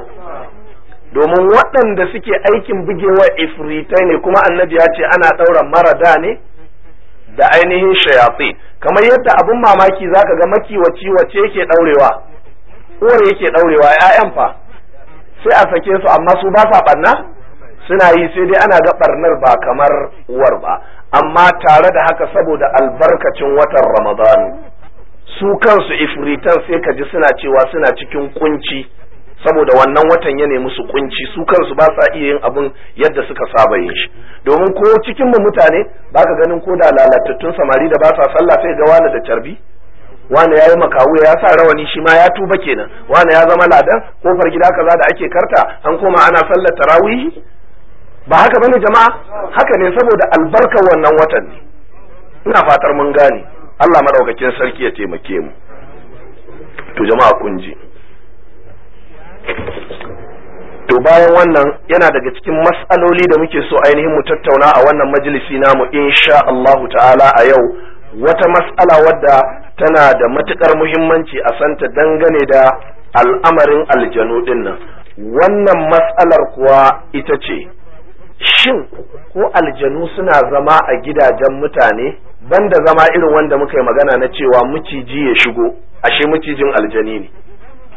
domin waɗanda suke aikin bugewa ifritai ne kuma annabi ya ce ana ɗaura marada ne da ainihin shayatsi kamar yadda abin mamaki zaka ga makiwaci wace yake daurewa uwar yake daurewa ƴaƴan fa sai a sake su amma su ba sa barna suna yi sai dai ana ga ɓarnar ba kamar uwar ba amma tare da haka saboda albarkacin watan ramadan su kansu ifiritan sai ka ji suna cewa suna cikin kunci saboda wannan watan ya nemi su kunci su kansu ba sa iya yin abin yadda suka saba yin shi domin ko cikin mu mutane ba ka ganin ko da lalatattun samari da ba sa sallah sai ga wani da carbi wani ya yi makawu ya sa rawani shi ma ya tuba kenan wani ya zama ladan kofar gida kaza da ake karta an koma ana sallar tarawihi ba haka bane jama'a haka ne saboda albarkar wannan watan ne ina fatar mun gane Allah madaukakin sarki ya taimake mu to jama'a kun to bayan wannan yana daga cikin matsaloli da muke so ainihin mu tattauna a wannan majalisi namu insha Allahu ta'ala a yau wata matsala wadda tana da matukar muhimmanci a santa dangane da al'amarin aljanu din nan wannan matsalar kuwa ita ce shin ko aljanu suna zama a gidajen mutane banda zama irin wanda muka yi magana na cewa muciji ya shigo ashe mucijin aljani ne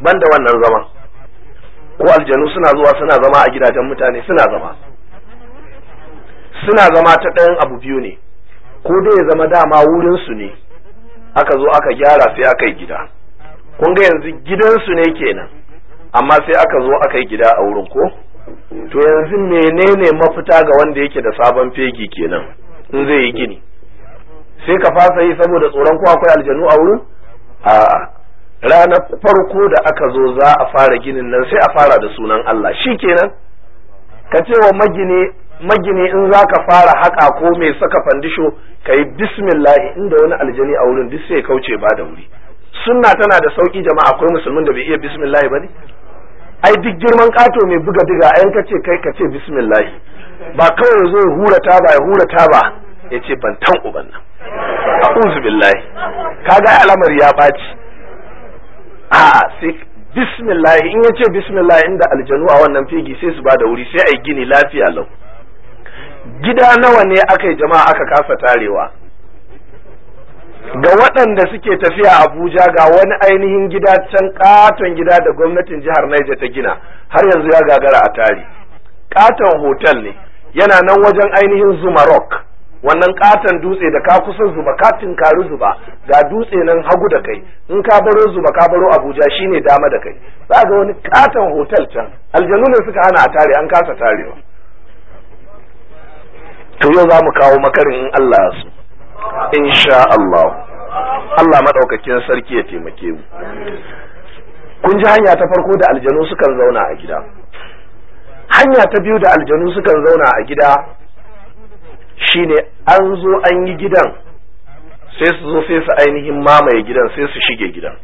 banda wannan zama ko aljanu suna zuwa suna zama a gidajen mutane suna zama suna zama ta ɗayan abu biyu ne ko dai ya zama dama wurinsu ne aka zo aka gyara sai aka yi gida kun ga yanzu gidansu ne kenan amma sai aka zo aka yi gida a wurin ko to yanzu menene mafita ga wanda yake da sabon fegi kenan in zai yi gini sai ka fasa yi saboda tsoron ko akwai aljanu a wurin a'a ranar farko da aka zo za a fara ginin nan sai a fara da sunan Allah shi kenan ka ce wa magini magini in za ka fara haƙa ko mai saka fandisho ka yi bismillahi inda wani aljani a wurin duk sai kauce ba da wuri sunna tana da sauki jama'a akwai musulmin da bai iya bismillahi ba ne ai duk girman kato mai buga diga ayan ka ce kai ka ce bismillahi ba kawai zo ya hura ta ba ya hura ta ba ya ce ban tan uban nan a'udhu billahi kaga al'amari ya ɓaci a sai bismillah in ya ce bismillah inda aljanu a wannan fegi sai su bada wuri sai ayi gini lafiya lau gida nawa ne aka yi jama'a aka kasa tarewa ga waɗanda suke tafiya abuja ga wani ainihin gida can katon gida da gwamnatin jihar Niger ta gina har yanzu ya gagara a tare katon hotel ne yana nan wajen ainihin Zuma Rock. wannan katon dutse da ka kusa zuba ka tinkari zuba ga dutse nan hagu da kai in ka baro zuba ka baro abuja shine dama da kai za ga wani katon hotel can aljanu ne suka hana a tare an kasa tarewa to yau za mu kawo makarin in Allah ya insha Allah Allah madaukakin sarki ya taimake mu kun ji hanya ta farko da aljanu sukan zauna a gida hanya ta biyu da aljanu sukan zauna a gida shine an zo an yi gidan sai su zo sai su ainihin mamaye gidan sai su shige gidan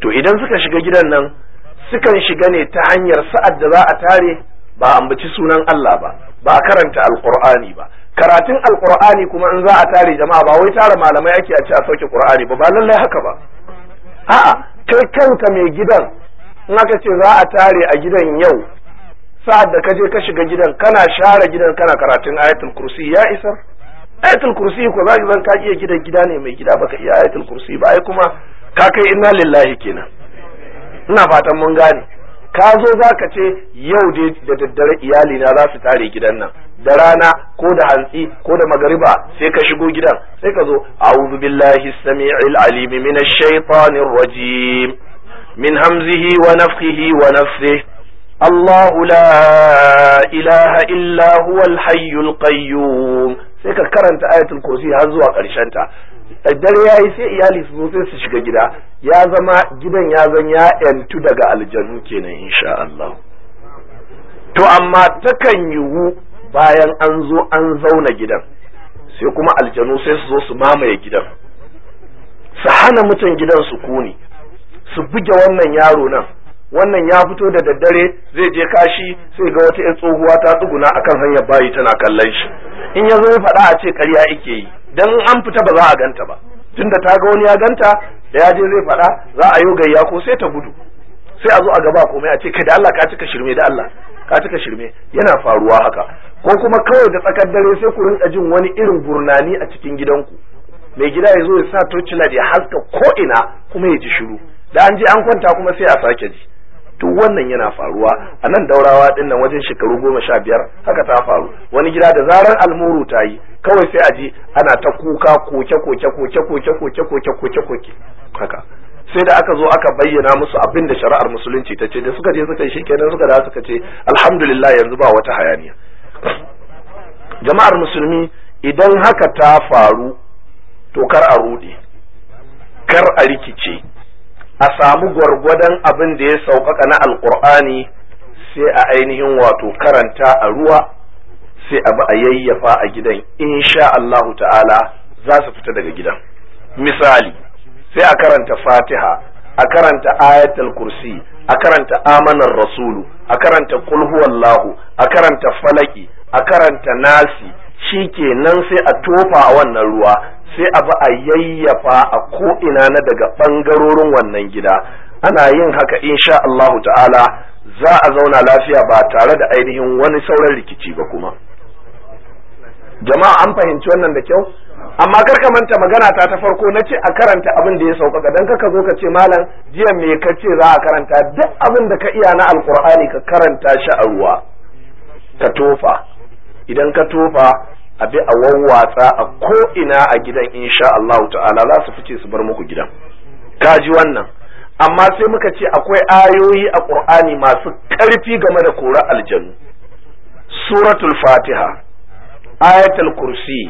to idan suka shiga gidan nan sukan shiga ne ta hanyar sa'ad da za a tare ba a ambaci sunan Allah ba ba a karanta Alƙur'ani ba karatun Alƙur'ani kuma in za a tare jama'a ba wai tara malamai ake a ci a sauke ƙur'ani ba ba lallai haka ba a'a kai kanka mai gidan in aka ce za a tare a gidan yau sa'ad da ka je ka shiga gidan kana share gidan kana karatun ayatul kursi ya isar ayatul kursi ko za ki zan ka iya gidan gida ne mai gida baka iya ayatul kursi ba ai kuma ka kai inna lillahi kenan ina fatan mun gane ka zo zaka ce yau dai da daddare iyali na za su tare gidan nan da rana ko da hantsi ko da magariba sai ka shigo gidan sai ka zo a'udhu billahi samiil alim minash shaitanir rajim min hamzihi wa nafthihi wa nafsihi Allahu لا ilaha illa huwa الحي hayyul sai ka karanta ayatul kursi har zuwa ƙarshen ta idan yayi sai iyali su sai su shiga gida ya zama gidan ya zan ya yantu daga aljanu kenan insha Allah to amma takan yiwu bayan an zo an zauna gidan sai kuma aljanu sai su zo su mamaye gidan su hana mutum gidan su kuni su buge wannan yaro nan wannan ya fito da daddare zai je kashi sai ga wata 'yan tsohuwa ta tsuguna akan hanyar bayi tana kallon shi in ya zo ya faɗa a ce ƙarya ike yi dan an fita ba za a ganta ba tunda ta ga wani ya ganta da ya je zai faɗa za a yi gayya ko sai ta gudu sai a zo a gaba komai a ce kai da Allah ka cika shirme da Allah ka cika shirme yana faruwa haka ko kuma kawai da tsakar dare sai ku rinka jin wani irin gurnani a cikin gidanku mai gida ya zo ya sa torchlight ya haska ko ina kuma ya ji shiru da an je an kwanta kuma sai a sake ji duk wannan yana faruwa a nan daurawa din nan wajen shekaru goma sha biyar haka ta faru wani gida da zarar almuru ta yi kawai sai a ji ana ta kuka koke koke koke koke koke koke koke koke haka sai da aka zo aka bayyana musu abin da shari'ar musulunci ta ce da suka je suka yi shikenan suka da suka ce alhamdulillah yanzu ba wata hayaniya jama'ar musulmi idan haka ta faru to kar a rude kar a rikice a samu gwargwadon abin da ya sauƙaƙa na alƙur'ani sai a ainihin wato karanta a ruwa sai abu a yayyafa a gidan insha Allahu ta'ala za su fita daga gidan misali sai a karanta fatiha a karanta ayatul kursi a karanta amanar rasulu a karanta kulhuwallahu a karanta falaki a karanta nasi shi kenan sai a tofa a wannan ruwa sai a bi a yayyafa a ko'ina na daga ɓangarorin wannan gida ana yin haka insha Allahu ta'ala za a zauna lafiya ba tare da ainihin wani sauran rikici ba kuma jama'a an fahimci wannan da kyau amma kar ka manta magana ta ta farko na ce a karanta abin da ya sauƙaƙa dan kaka zo ka ce malam jiya me ka ce za a karanta duk abin da ka iya na alƙur'ani ka karanta shi a ruwa ka tofa idan ka tofa a bi a wawwatsa a ko'ina a gidan insha Allah ta'ala za su fice su bar muku gidan kaji wannan amma sai muka ce akwai ayoyi a ƙur'ani masu ƙarfi game da kora aljanu suratul fatiha ayatul kursi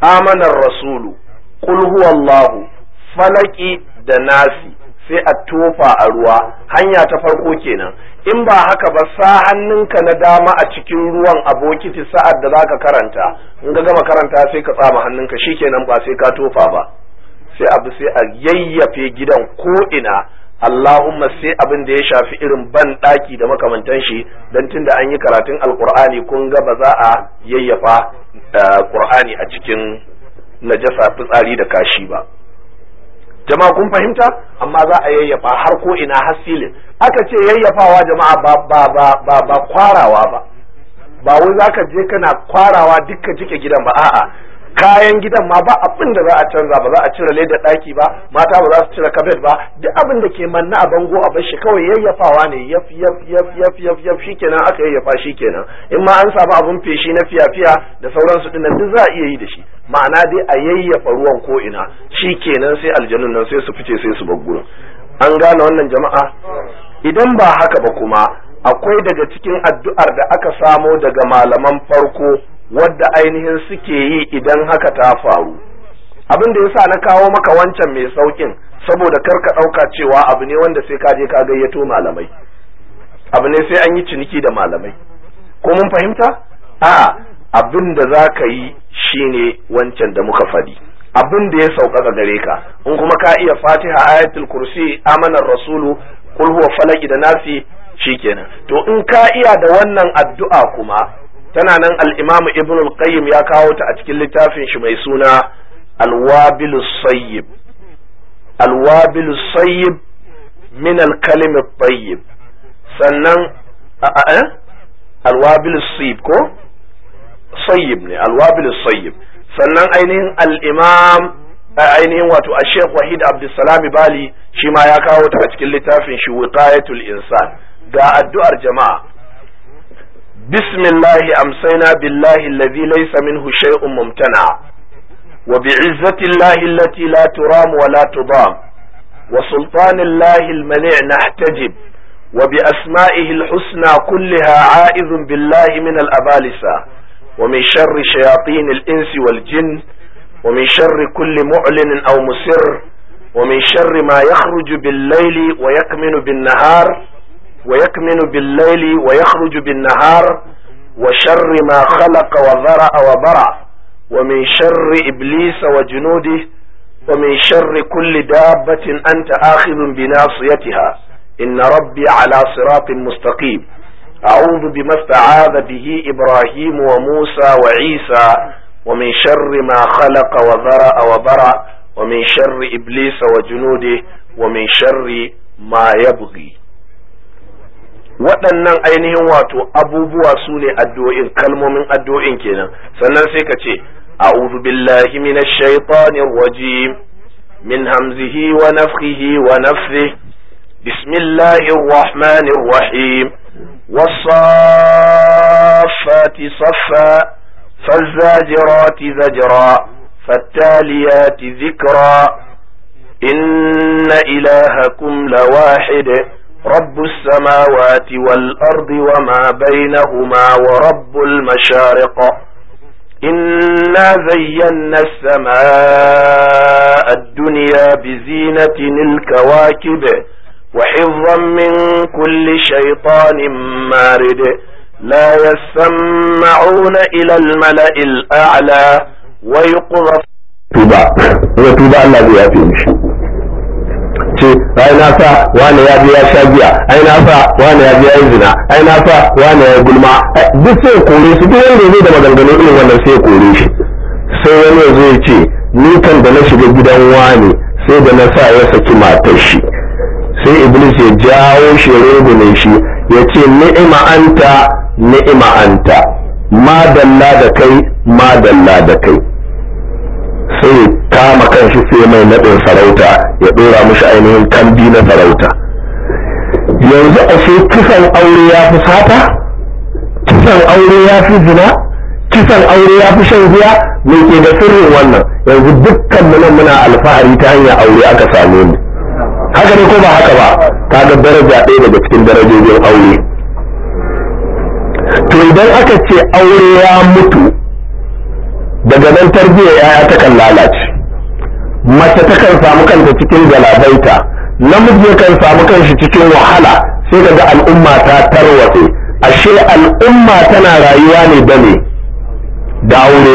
amanar rasulu qul huwallahu falaki da nasi sai a tofa a ruwa hanya ta farko kenan in ba haka ba sa hannunka na dama a cikin ruwan a sa'ad da zaka karanta in ga gama karanta sai ka tsama hannunka shikenan ba sai ka tofa ba sai abu sai a yayyafe gidan ko ina Allahumma sai abin da ya shafi irin ban daki da makamantan shi dan tunda an yi karatun alkur'ani kun ga ba za a yayyafa eh, qur'ani a cikin najasa fitsari da kashi ba jama'a kun fahimta amma za a yayyafa har ko ina har silin aka ce yayyafawa jama'a ba ba ba ba, ba kwarawa ba ba wai ka je kana kwarawa dukkan jike gidan ba a'a kayan gidan ma ba abin da za a canza ba za a cire leda daki ba mata ba za su cire kabet ba duk abin da ke manna a bango a shi kawai yayyafawa ne yaf yaf yaf yaf yaf yaf shikenan aka yayyafa shikenan in ma an samu abin feshi na fiya fiya da sauransu dinnan duk za a iya yi da shi ma'ana dai a yayyafa ruwan ko ina shi kenan sai aljanun nan sai su fice sai su bar an gane wannan jama'a idan ba haka ba kuma akwai daga cikin addu'ar da aka samo daga malaman farko wadda ainihin suke yi idan haka ta faru abin da yasa na kawo maka wancan mai saukin saboda kar ka ɗauka cewa abu ne wanda sai ka je ka gayyato malamai abu ne sai an yi ciniki da malamai ko mun fahimta A'a. abin da za ka yi shi ne wancan da muka faɗi abin da ya sauƙaƙa gare ka in kuma ka iya fatiha ayatul kursi amanar rasulu kul falaki da nasi shikenan to in ka iya da wannan addu'a kuma tana nan al-imamu ibn al-qayyim ya kawo ta a cikin littafin shi mai suna al-wabilus sayyib al sayyib sannan eh? alwabil ko sayyib ne alwabil sayyib sannan ainihin al eh, ainihin wato a Sheikh Wahid Abdulsalam Bali shi ma ya kawo ta a cikin littafin shi Wiqayatul Insan ga addu'ar jama'a Bismillahi amsaina billahi alladhi laysa minhu shay'un mumtana wa bi'izzati llahi allati la turam wa la tudam wa sultani llahi al nahtajib wa bi asma'ihi al-husna 'a'idhun billahi min al'abalisa. abalisa ومن شر شياطين الإنس والجن ومن شر كل معلن أو مسر ومن شر ما يخرج بالليل ويكمن بالنهار ويكمن بالليل ويخرج بالنهار وشر ما خلق وذرع وبرع ومن شر إبليس وجنوده ومن شر كل دابة أنت آخذ بناصيتها إن ربي على صراط مستقيم أعوذ بما استعاذ به إبراهيم وموسى وعيسى ومن شر ما خلق وذرأ وبرأ ومن شر إبليس وجنوده ومن شر ما يبغي waɗannan ainihin wato abubuwa su ne addu'o'in kalmomin addu'o'in kenan sannan sai ka ce a'udhu billahi min shaitanir waje min hamzihi wa nafthihi wa nafthihi bismillahir rahmanir rahim والصافات صفا فالزاجرات زجرا فالتاليات ذكرا إن إلهكم لواحد رب السماوات والأرض وما بينهما ورب المشارق إنا زينا السماء الدنيا بزينة الكواكب وحفظا من كل شيطان مارد لا يسمعون إلى الملأ الأعلى ويقذف tuba ya tuba Allah zai yafe mishi sa wani ya je ya sha giya ai na sa wani ya je ya zina ai na sa wani ya gulma duk sai kore su da irin wannan sai kore shi sai wani ya ce ni kan da na shiga gidan wani sai da na sa ya saki matar shi sai iblis ya jawo shi rungume shi ya ce ni'ima anta ni'ima anta dalla da kai ma dalla da kai sai kama kanshi sai mai naɗin sarauta ya ɗora mishi ainihin kambi na sarauta yanzu a sai kisan aure ya fi sata kisan aure ya fi zina kisan aure ya fi shan giya me ke da sirrin wannan yanzu dukkan nan muna alfahari ta hanyar aure aka same ni. haka ne ko ba haka ba Ta ga daraja ɗaya daga cikin darajojin aure to idan aka ce aure ya mutu daga nan tarbiyyar yaya takan lalace mace takan samu kanta cikin galabaita namiji kan samu kanshi cikin wahala sai kaga al'umma ta tarwatse ashe al'umma tana rayuwa ne da ne da aure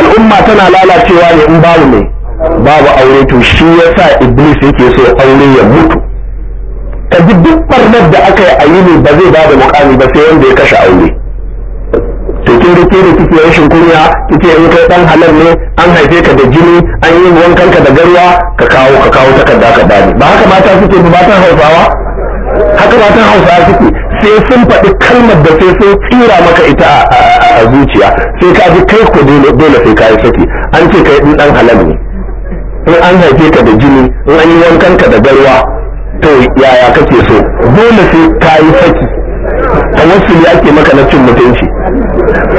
al'umma tana lalacewa ne in babu ne babu aure to shi yasa iblis yake so aure ya mutu ka ji duk barnar da aka yi a yini ba zai bada mukami ba sai wanda ya kashe aure to kin rike da kike rashin kunya kike in kai dan halal ne an haife ka da jini an yi wankan ka da garwa ka kawo ka kawo takarda ka bani ba haka mata suke ba matan hausawa haka matan hausawa suke sai sun faɗi kalmar da sai sun tsira maka ita a zuciya sai ka ji kai ko dole sai ka yi saki an ce kai dan halal ne in an haife ka da jini in an yi wankan ka da garwa to yaya kake so dole sai ka yi saki A ya ake maka na cin mutunci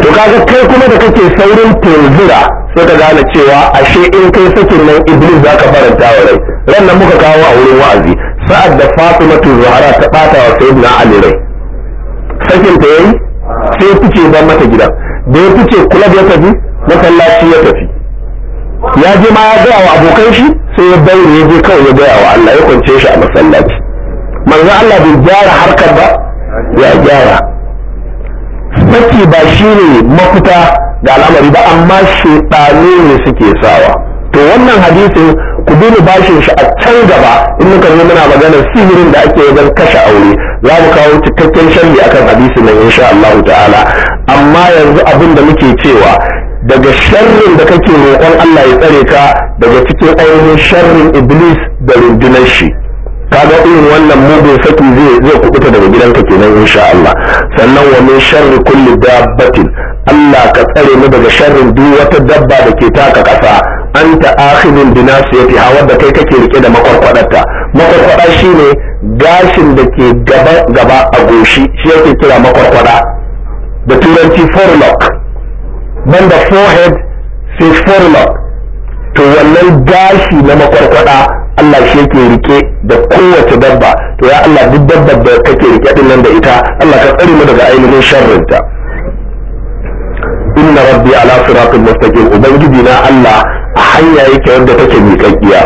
to kaga kai kuma da kake saurin tozura sai ka gane cewa ashe in kai sakin nan iblis ka faranta wa rai ran nan muka kawo a wurin wa'azi sa'ad da fatimatu zuhara ta bata wa sayyidina ali rai sakin ta yayi sai fice ban mata gida da ya fice kulab ya tafi masallaci ya tafi ya je ma ya gaya wa abokan shi sai ya bai ya je kawai ya gaya wa Allah ya kwance shi a masallaci manzo Allah bai gyara harkar ba ya gyara saki ba shi ne mafita da al'amari ba amma shaidanu ne suke sawa to wannan hadisin ku bi bashin shi a can gaba in muka zo muna magana sihirin da ake wajen kashe aure za mu kawo cikakken sharhi akan hadisin nan insha Allah ta'ala amma yanzu abin da muke cewa daga sharrin da kake roƙon Allah ya tsare ka daga cikin ainihin sharrin iblis da rundunar shi kaga irin wannan bai saki zai zai kubuta daga gidanka kenan insha Allah sannan wa min sharri kulli dabbatin Allah ka tsare mu daga sharrin duk wata dabba da ke taka kasa anta akhidun bi hawa da kai kake rike da makwarkwadarta makwarkwada shine gashin da ke gaba gaba a goshi shi yake kira makwarkwada da turanci forlock banda forehead sai forelock to wannan gashi na makwarkwada Allah shi yake rike da kowace dabba to ya Allah duk dabbar da kake rike din nan da ita Allah ka tsare mu daga ainihin sharrinta inna rabbi ala siratin mustaqim ubangiji na Allah a hanya yake wanda take kakkiya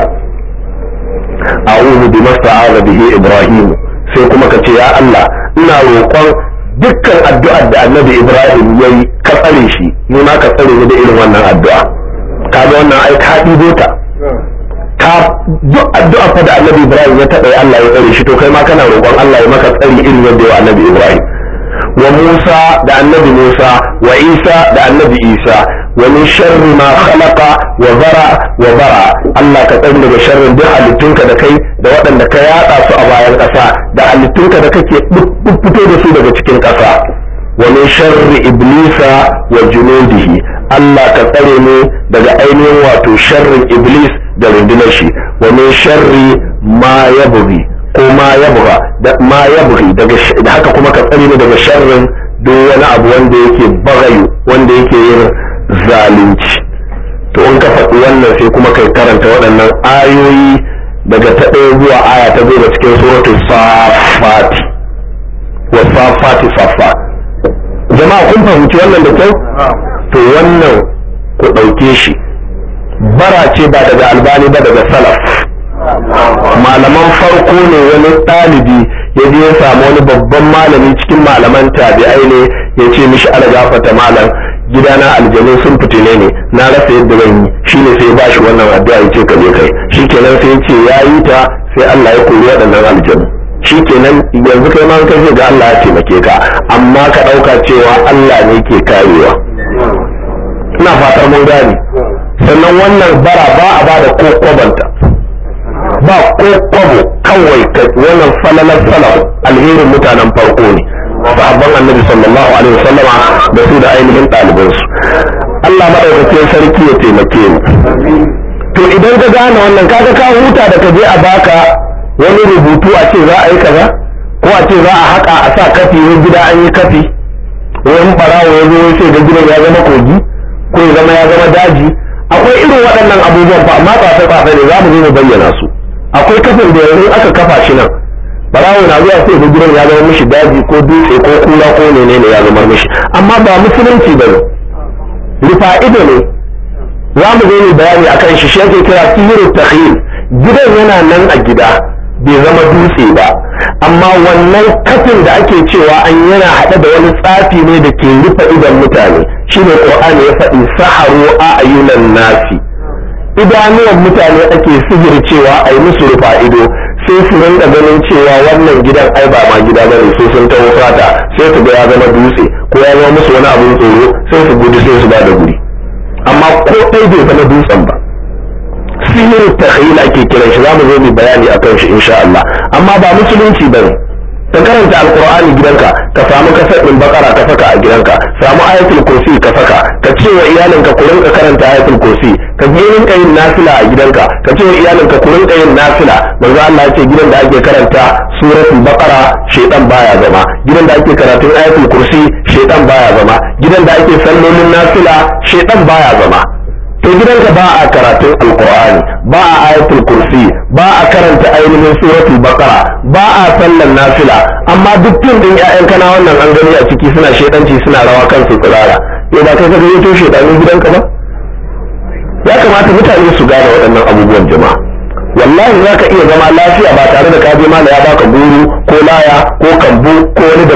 a'udhu bi sta'aza bihi ibrahim sai kuma ka ce ya Allah ina roƙon dukkan addu'ar da annabi ibrahim ya yi ka tsare shi ni ma ka tsare ni da irin wannan addu'a ka ga wannan ai ka dibo ta ka duk addu'a fa da annabi ibrahim ya taɓa allah ya tsare shi to kai ma kana roƙon allah ya maka tsare irin yadda ya annabi ibrahim wa musa da annabi musa wa isa da annabi isa ومن شر ما خلق وزرع وزرع الله كتن daga sharrin duk halittunka da kai da waɗanda ka yada su a bayan ƙasa da halittunka da kake fito da su daga cikin ƙasa wa min iblisa wa junudihi Allah ka tsare daga ainihin wato sharrin iblis da rundunar shi wa min ma yabghi ko da haka kuma ka tsare daga sharrin duk wani abu wanda yake bagayu wanda yake yin zalunci to in ka faɗi wannan sai kuma kai karanta waɗannan ayoyi daga ta ɗaya zuwa aya ta goma cikin suratu safati wa safati safa jama'a kun fahimci wannan da kyau to wannan ku ɗauke shi bara ce ba daga albani ba daga salaf malaman farko ne wani ɗalibi ya je ya samu wani babban malami cikin malaman tabi'ai ne ya ce mishi algafata malam gidana aljanu sun fitine ne na rasa yadda zan yi shine sai ba shi wannan addu'a ce ka je kai shikenan sai ya yi ta sai Allah ya kori waɗannan aljanu shikenan yanzu kai ma ka ga Allah ya taimake ka amma ka ɗauka cewa Allah ne ke karewa ina fatar mun gane sannan wannan bara ba a bada ko kwabanta ba ko kwabo kawai wannan falalar salaf alherin mutanen farko ne sahabban annabi sallallahu alaihi wasallama da su da ainihin ɗalibansu Allah maɗaukakin sarki ya taimake mu to idan ka gane wannan kaga ka huta da ka je a baka wani rubutu a ce za a yi kaza ko a ce za a haƙa a sa kafi wani gida an yi kafi wani ɓarawo ya zo sai ga gidan ya zama kogi ko ya zama ya zama daji akwai irin waɗannan abubuwan fa amma tsafe tsafe ne za mu zo mu bayyana su akwai kafin da yanzu aka kafa shi nan barawo na zuwa sai ga gidan ya zama mishi daji ko dutse ko kura ko menene ya zama mishi amma ba musulunci ba ne rufa ne za mu zo bayani akan shi shi yake kira tihiru takhil gidan yana nan a gida bai zama dutse ba amma wannan katin da ake cewa an yana haɗe da wani tsafi ne da ke rufe idon mutane shi shine ƙwa'ani ya faɗi saharo a ayunan nasi idanuwan mutane ake sihircewa a yi musu rufa ido sai su rinka ganin cewa wannan gidan ai ba ma gida bane sai sun ta, fata sai su ga ya zama dutse ko ya zama musu wani abin tsoro sai su gudu sai su ba da guri amma ko dai bai zama dutsen ba sihirin takhayil ake kiran shi za mu zo mu bayani akan shi insha Allah amma ba musulunci bane ka karanta alkur'ani gidanka ka samu kasar ɗin bakara ka saka a gidanka samu ayatul kursi ka saka ka ce wa iyalinka ku rinka karanta ayatul kursi ka je rinka yin nafila a gidanka ka ce wa iyalinka ku rinka yin nafila manzo Allah ya ce gidan da ake karanta suratul bakara shaytan baya zama gidan da ake karatun ayatul kursi shaytan baya zama gidan da ake sallolin nafila shaytan baya zama to gidanka ba a karatun alkur'ani ba a ayatul kursi ba a karanta ainihin suratul baqara ba a sallan nafila amma duk tun din ƴaƴan kana wannan an gani a ciki suna shedanci suna rawa kansu tsirara to ba kai ka gani gidanka ba ya kamata mutane su gane waɗannan abubuwan jama'a wallahi za ka iya zama lafiya ba tare da kaje mala ya baka guru ko laya ko kambu ko wani da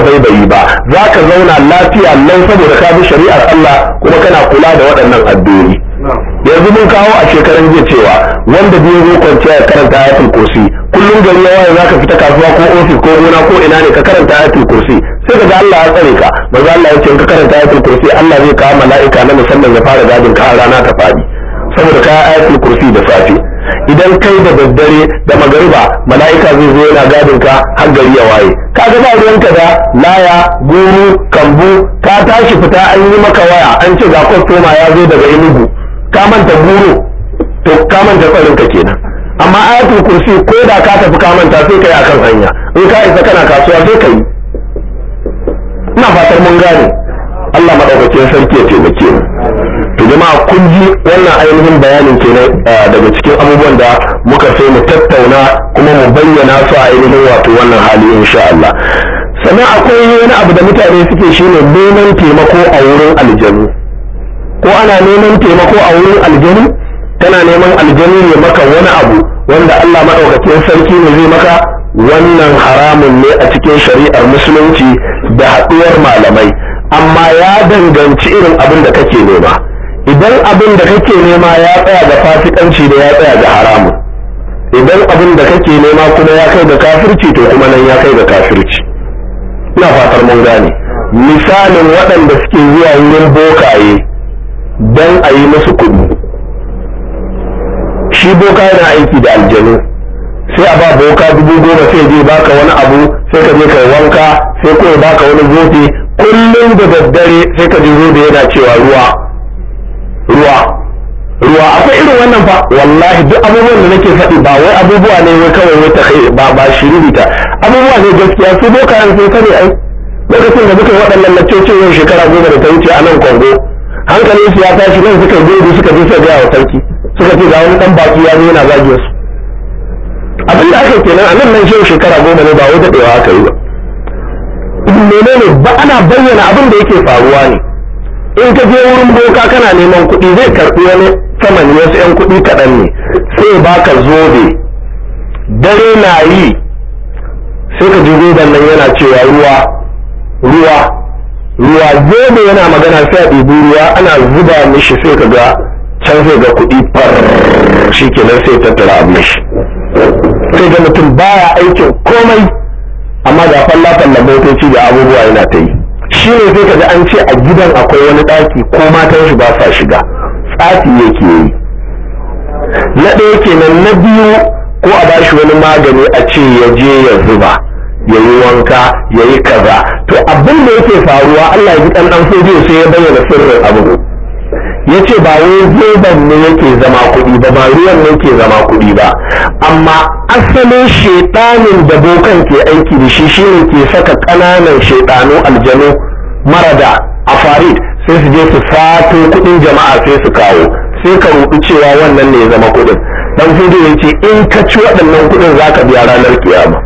ba za ka zauna lafiya nan saboda ka bi shari'ar Allah kuma kana kula da waɗannan addu'o'i yanzu mun kawo a shekaran jiya cewa wanda biyu zo kwanciya ya karanta ayatul kursi kullum gari ya za ka fita kasuwa ko ofis ko gona ko ina ne ka karanta ayatul kursi sai ka ga Allah ya tsare ka manzo Allah ya ce ka karanta ayatul kursi Allah zai kawo mala'ika na musamman ya fara gadin ka rana ta fadi saboda ka ayatul kursi da safe idan kai da daddare da magariba mala'ika zai zo yana gadin ka har gari ya waye ka ga ba ruwanka da laya guru kambu ka tashi fita an yi maka waya an ce ga kwastoma ya zo daga inugu ka manta guro to ka manta tsarin ka kenan amma ayatul kursi ko da ka tafi ka manta sai kai akan hanya in ka isa kana kasuwa sai kai ina fatar mun gane Allah madaukakin sarki ya taimake mu to jama'a kun ji wannan ainihin bayanin kenan daga cikin abubuwan da muka sai mu tattauna kuma mu bayyana su a ainihin wato wannan hali insha Allah sannan akwai wani abu da mutane suke shine neman taimako a wurin aljanu ko ana neman taimako a wurin aljanu tana neman aljanu ne maka wani abu wanda Allah maɗaukakin sarki ne zai maka wannan haramun ne a cikin shari'ar musulunci da haɗuwar malamai amma ya danganci irin abin da kake nema idan abin da kake nema ya tsaya ga fasikanci da ya tsaya ga haramun idan abin da kake nema kuma ya kai ga kafirci to kuma nan ya kai ga kafirci ina fatar mun gane misalin waɗanda suke zuwa wurin bokaye don a yi musu kuɗi shi boka yana aiki da aljanu sai a ba boka dubu goma sai je baka wani abu sai ka je kai wanka sai kuma baka wani zobe kullum da daddare sai ka ji zobe yana cewa ruwa ruwa ruwa akwai irin wannan fa wallahi duk abubuwan da nake faɗi ba wai abubuwa ne wai kawai wai ta ba ba shiririta abubuwa ne gaskiya su boka an sai sani ai lokacin da muka yi waɗannan laccocin yau shekara goma da ta wuce a nan kongo hankalin su ya tashi nan suka gudu suka je sai gaya wa sarki suka ce ga wani dan baki ya zo yana zagiyar su abin da aka kenan a nan nan shi shekara goma ne ba wata ɗewa aka yi ba menene ba ana bayyana abin da yake faruwa ne in ka je wurin boka kana neman kuɗi zai karɓi wani saman wasu 'yan kuɗi kaɗan ne sai baka zobe dare na yi sai ka ji zoben nan yana cewa ruwa ruwa ruwa zobe yana magana sai a ɗibi ruwa ana zuba mishi sai ka ga can sai ga kuɗi far shi nan sai tattara abu mishi sai ga mutum baya aikin komai amma ga falla-falla motoci da abubuwa yana ta yi shi ne sai ka ga an ce a gidan akwai wani ɗaki ko matan shi ba sa shiga tsafi yake yi na ɗaya kenan na biyu ko a bashi wani magani a ce ya je ya zuba ya yi wanka ya yi kaza to abin da yake faruwa Allah ya ji dan dan sai ya bayyana sirrin abu ya ce ba wai zoben ne yake zama kuɗi ba ba ruwan ne yake zama kuɗi ba amma asalin shaiɗanin da bokan ke aiki da shi shi ne ke saka ƙananan shaiɗanu aljanu marada a farid sai su je su fato kuɗin jama'a sai su kawo sai ka rubu cewa wannan ne ya zama kuɗin dan fodiyo ya ce in ka ci waɗannan kuɗin zaka biya ranar kiyama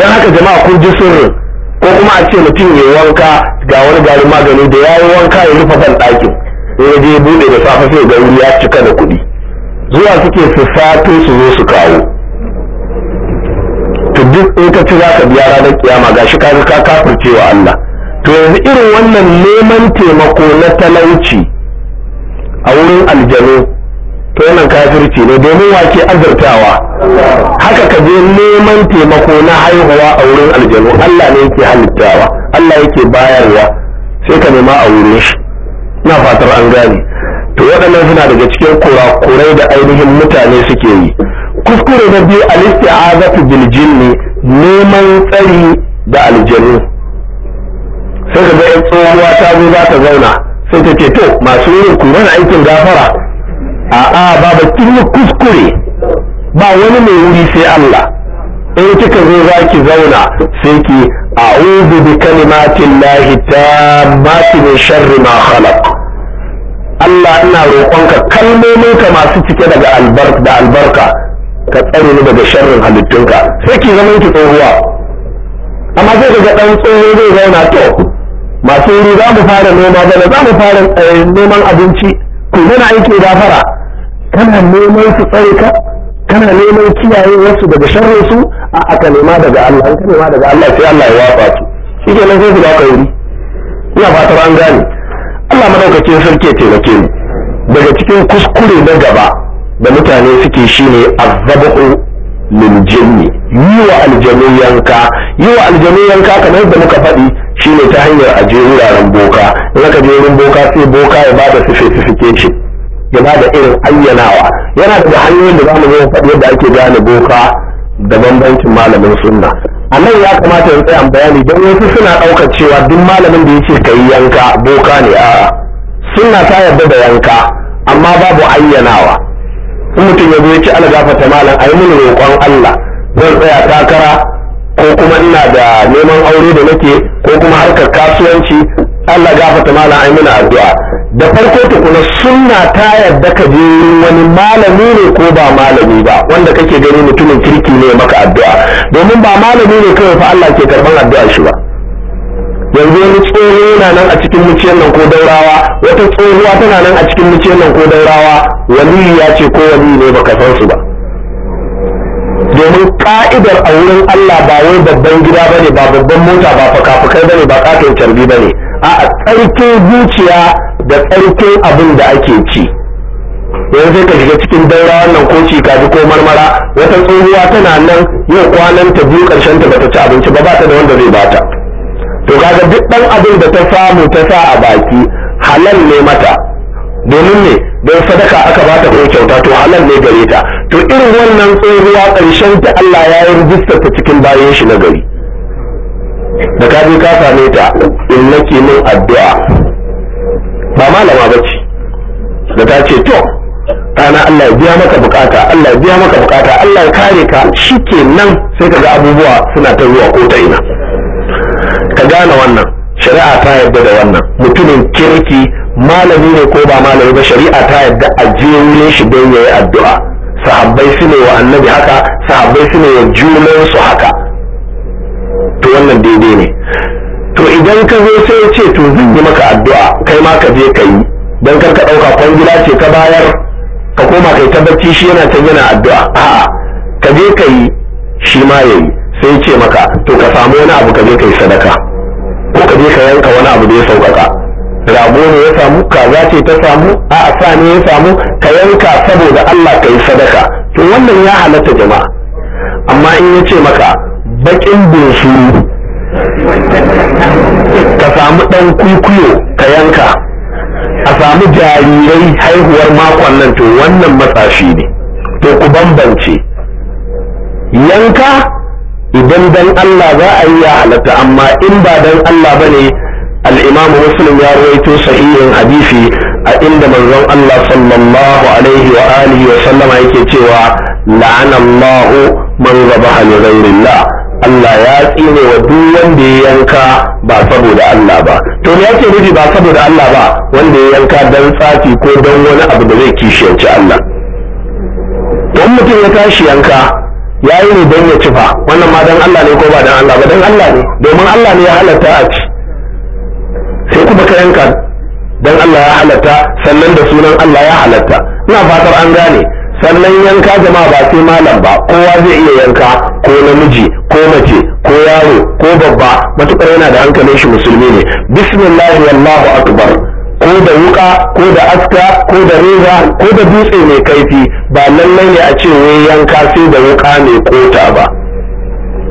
don haka jama'a kun ji sirrin ko kuma a ce mutum ya wanka ga wani garin magani da ya yi wanka ya rufe ban ɗakin ya je buɗe da safe sai ga ya cika da kuɗi zuwa suke su fato su zo su kawo to duk in ka ci za biya ranar kiyama ga shi kaga ka wa Allah to yanzu irin wannan neman taimako na talauci a wurin aljanu to wannan kafirci ne domin wake azurtawa haka ka je neman taimako na haihuwa a wurin aljanu Allah ne yake halittawa Allah yake bayarwa sai ka nema a wurin shi na fatar an gane to waɗannan suna daga cikin kurakurai da ainihin mutane suke yi kuskure na biyu a istiazatu bil jinni neman tsari da aljanu sai ka ga tsohuwa ta zo za ta zauna sai ta ce to masu yin kuran aikin gafara a'a babu kin kuskure ba wani mai wuri sai Allah in kika zo za ki zauna sai ki a'udhu bi kalimatin lahi tammati min sharri ma khalaq Allah ina roƙonka ka masu cike daga albarka da albarka ka tsare ni daga sharrin halittunka sai ki zama ki tsohuwa amma sai kaga dan tsoho zai zauna to masu wuri za mu fara noma bana za mu fara eh, noman abinci ku muna aiki fara. kana neman su tsare ka kana neman kiyaye wasu daga sharrin su a aka nema daga Allah an nema daga Allah sai Allah ya wafa su shi ke nan sai su baka wuri ina fatar an gane Allah madaukakin sarki ya taimake mu daga cikin kuskure na gaba da mutane suke shine azab'u lil jinni yi wa aljanu yanka yiwa wa aljanu yanka kamar da muka faɗi shine ta hanyar aje wuraren boka in aka je wurin boka sai boka ya bada sife shi ya ba da irin ayyanawa yana da hanyoyin da za mu zo faɗi yadda ake gane boka da bambancin malamin sunna a ya kamata in tsaya bayani don wasu suna ɗaukar cewa duk malamin da ya ce yi yanka boka ne a sunna ta yarda da yanka amma babu ayyanawa in mutum ya zo ya ci algafata malam a yi mini roƙon allah zan tsaya takara ko kuma ina da neman aure da nake ko kuma harkar kasuwanci Allah gafata mala ai muna addu'a da farko tukuna sunna ta yadda ka je wani malami ne ko ba malami ba wanda kake gani mutumin kirki ne maka addu'a domin ba malami ne kawai fa Allah ke karban addu'a shi ba yanzu wani tsoho yana nan a cikin muciyar nan ko daurawa wata tsohuwa tana nan a cikin muciyar nan ko daurawa wani ya ce ko wani ne baka san su ba domin ka'idar a wurin Allah ba wai babban gida bane ba babban mota ba fakafakai bane ba katon carbi bane a tsarkin zuciya da tsarkin abin da ake ci yanzu sai ka shiga cikin daura wannan ko kaji ko marmara wata tsohuwa tana nan yau kwanan ta biyu karshen ta bata ci abinci ba bata da wanda zai bata to kaga duk dan abin da ta samu ta sa a baki halal ne mata domin ne don sadaka aka bata ko kyauta to halal ne gare ta to irin wannan tsohuwa karshen ta Allah ya yi rijista ta cikin bayan shi na gari da ka je ka same ta in nake min addu'a ba malama bace da ta ce to ɗana Allah ya biya maka bukata Allah ya biya maka bukata Allah ya kare ka nan sai ka ga abubuwa suna ta zuwa ko ta ina ka gane wannan shari'a ta yarda da wannan mutumin kirki malami ne ko ba malami ba shari'a ta yarda a je wurin shi don yayi addu'a sahabbai su ne wa annabi haka sahabbai su ne wa su haka wannan daidai ne to idan ka zo sai ce to zan yi maka addu'a kai ma ka je ka yi dan kar ka ɗauka kwangila ce ka bayar ka koma kai tabbaci shi yana ta yana addu'a a ka je ka yi shi ma yayi sai ce maka to ka samu wani abu ka je ka yi sadaka ko ka je ka yanka wani abu da ya sauƙaƙa rago ne ya samu kaza ce ta samu a sa ne ya samu ka yanka saboda Allah ka yi sadaka to wannan ya halatta jama'a amma in ya ce maka bakin doshi ka samu ɗan kwikwiyo ka yanka a samu jarirai haihuwar makon nan to wannan matsafi ne to ku bambance yanka idan dan Allah za a yi ya halatta amma in ba dan Allah ba ne al'imamu muslim ya rawaito sahihin hadisi a inda manzon Allah sallallahu alaihi wa alihi wa sallama yake cewa la'anallahu man zabaha li Allah ya tsine wa duk wanda ya yanka ba saboda Allah ba to me yake nufi ba saboda Allah ba wanda ya yanka dan tsafi ko dan wani abu da zai kishiyarci Allah to mutum ya tashi yanka ya yi ne don ya ci fa wannan ma dan Allah ne ko ba dan Allah ba dan Allah ne domin Allah ne ya halatta a ci sai kuma ka yanka dan Allah ya halatta sannan da sunan Allah ya halatta ina fatar an gane sannan yanka jama'a ba sai malam ba kowa zai iya yanka ko namiji ko mace ko yaro ko babba matukar yana da hankalin shi musulmi ne bismillahi wallahu akbar ko da wuka ko da aska ko da reza ko da dutse mai kaifi ba lallai ne a ce wai yanka sai da wuka mai kota ba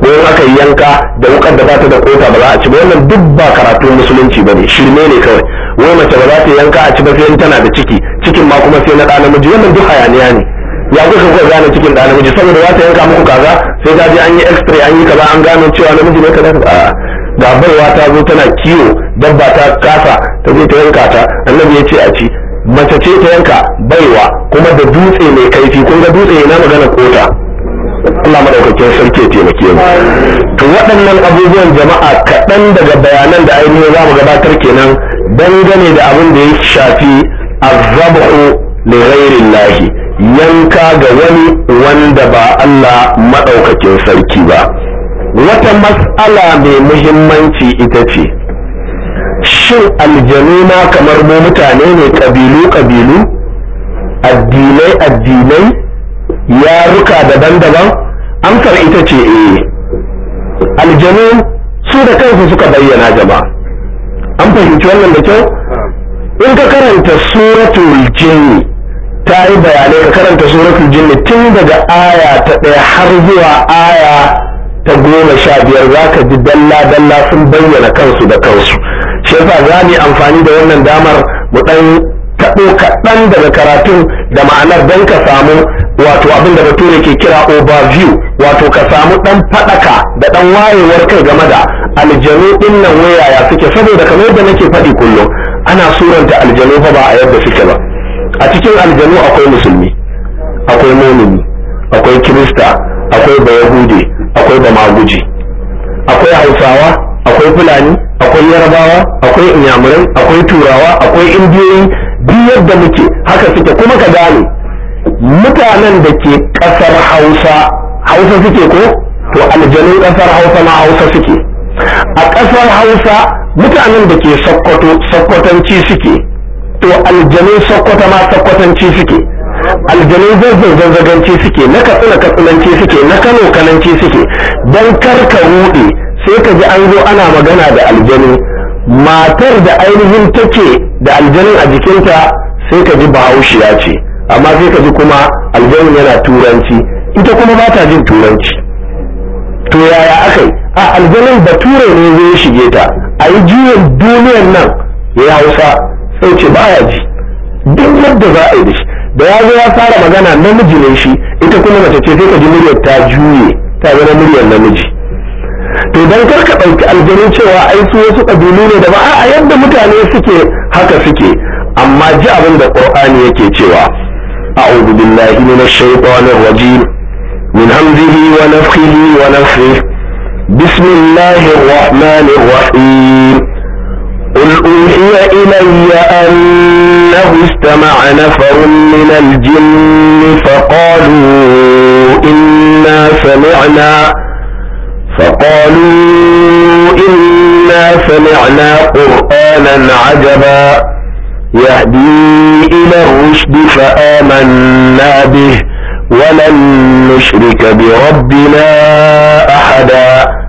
ko aka yanka da wukar da bata da kota ba za a ci ba wannan duk ba karatu musulunci bane shirme ne kawai wai mace ba za ta yanka a ci ba sai tana da ciki cikin ma kuma sai na ɗa namiji wannan duk hayaniya ne ya kusa kuka gane cikin da namiji saboda za ta yanka muku kaza sai ta je an yi x-ray an yi kaza an gano cewa namiji ne kaza a ga ta zo tana kiwo dabba ta kasa ta je ta yanka ta annabi ya ce a ci mace ce ta yanka baiwa kuma da dutse mai kaifi kun ga dutse yana magana kota Allah madaukakin sarki ya taimake mu to waɗannan abubuwan jama'a kaɗan daga bayanan da ainihin za mu gabatar kenan dangane da abin da ya shafi azabu lighairillahi yanka ga wani wanda ba Allah maɗaukakin sarki ba wata mas'ala mai muhimmanci ita ce shin aljanu ma kamar mu mutane ne ƙabilu-ƙabilu addinai-addinai yaruka daban-daban amsar ita ce eh aljanu su da kansu suka bayyana jama'a an fahimci wannan da kyau in ka karanta suratul jinni ta yi bayanai ka karanta suratul jinni tun daga aya ta ɗaya har zuwa aya ta goma sha biyar za ka ji dalla dalla sun bayyana kansu da kansu shi yasa za mu amfani da wannan damar mu ɗan taɓo kaɗan daga karatun da ma'anar don ka samu wato abin da bature ke kira overview wato ka samu ɗan faɗaka da ɗan wayewar kai game da aljanu ɗin nan ya suke saboda kamar yadda nake faɗi kullum ana suranta aljanu fa ba a yadda suke ba a cikin aljanu akwai musulmi akwai momini akwai kirista akwai bayahude akwai bamaguji akwai hausawa akwai fulani akwai yarbawa, akwai inyamurai akwai turawa akwai indiyoyi duk yadda muke haka suke kuma ka gane mutanen da ke kasar hausa hausa suke ko to aljanun kasar hausa na hausa suke a kasar hausa mutanen da ke sokoto sokotanci suke to aljanu sakkwata ma sakkwatanci suke aljanu zazzan zazzaganci suke na katsina katsinanci suke na kano kananci suke don karka ruɗe sai ka ji an zo ana magana da aljanu matar da ainihin take da aljanu a jikinta sai ka ji bahaushiya ce amma sai ka ji kuma aljanu yana turanci ita kuma ba ta jin turanci to yaya aka yi a aljanun bature ne zai shige ta a yi juyin duniyar nan ya hausa sai ce baya ji duk yadda za a yi da shi da ya zo ya fara magana namiji ne shi ita kuma mace ce sai ka ji muryar ta juye ta zama muryar namiji to dan kar ka ɗauki aljanu cewa ai su wasu ƙabilu ne da ba a yadda mutane suke haka suke amma ji abin da qur'ani yake cewa a'udhu billahi minash shaitanir rajim min hamzihi wa nafthihi wa nafthihi بسم الله الرحمن الرحيم قل أوحي إلي أنه استمع نفر من الجن فقالوا إنا سمعنا فقالوا إنا سمعنا قرآنا عجبا يهدي إلى الرشد فآمنا به ولن نشرك بربنا أحدا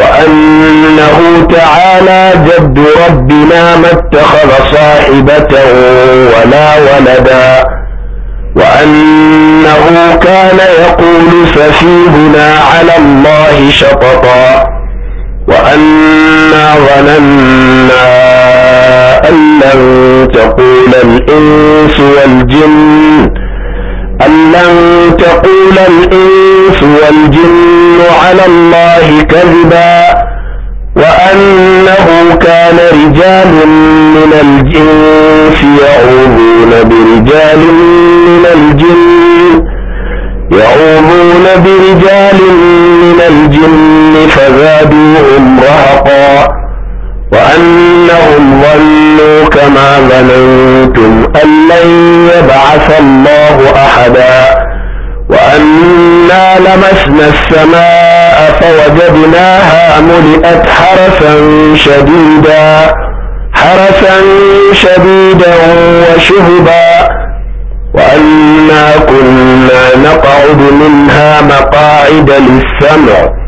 وأنه تعالى جد ربنا ما اتخذ صاحبة ولا ولدا وأنه كان يقول ففيهنا على الله شططا وأنا ظننا أن لن تقول الإنس والجن أن لن تقول الإنس والجن على الله كذبا وأنه كان رجال من الجنس يعوذون برجال من الجن يعوذون برجال من الجن فزادوهم رهقا وأنهم ظنوا كما ظننتم أن لن يبعث الله أحدا وأنا لمسنا السماء فوجدناها ملئت حرسا شديدا حرسا شديدا وشهبا وأنا كنا نقعد منها مقاعد للسمع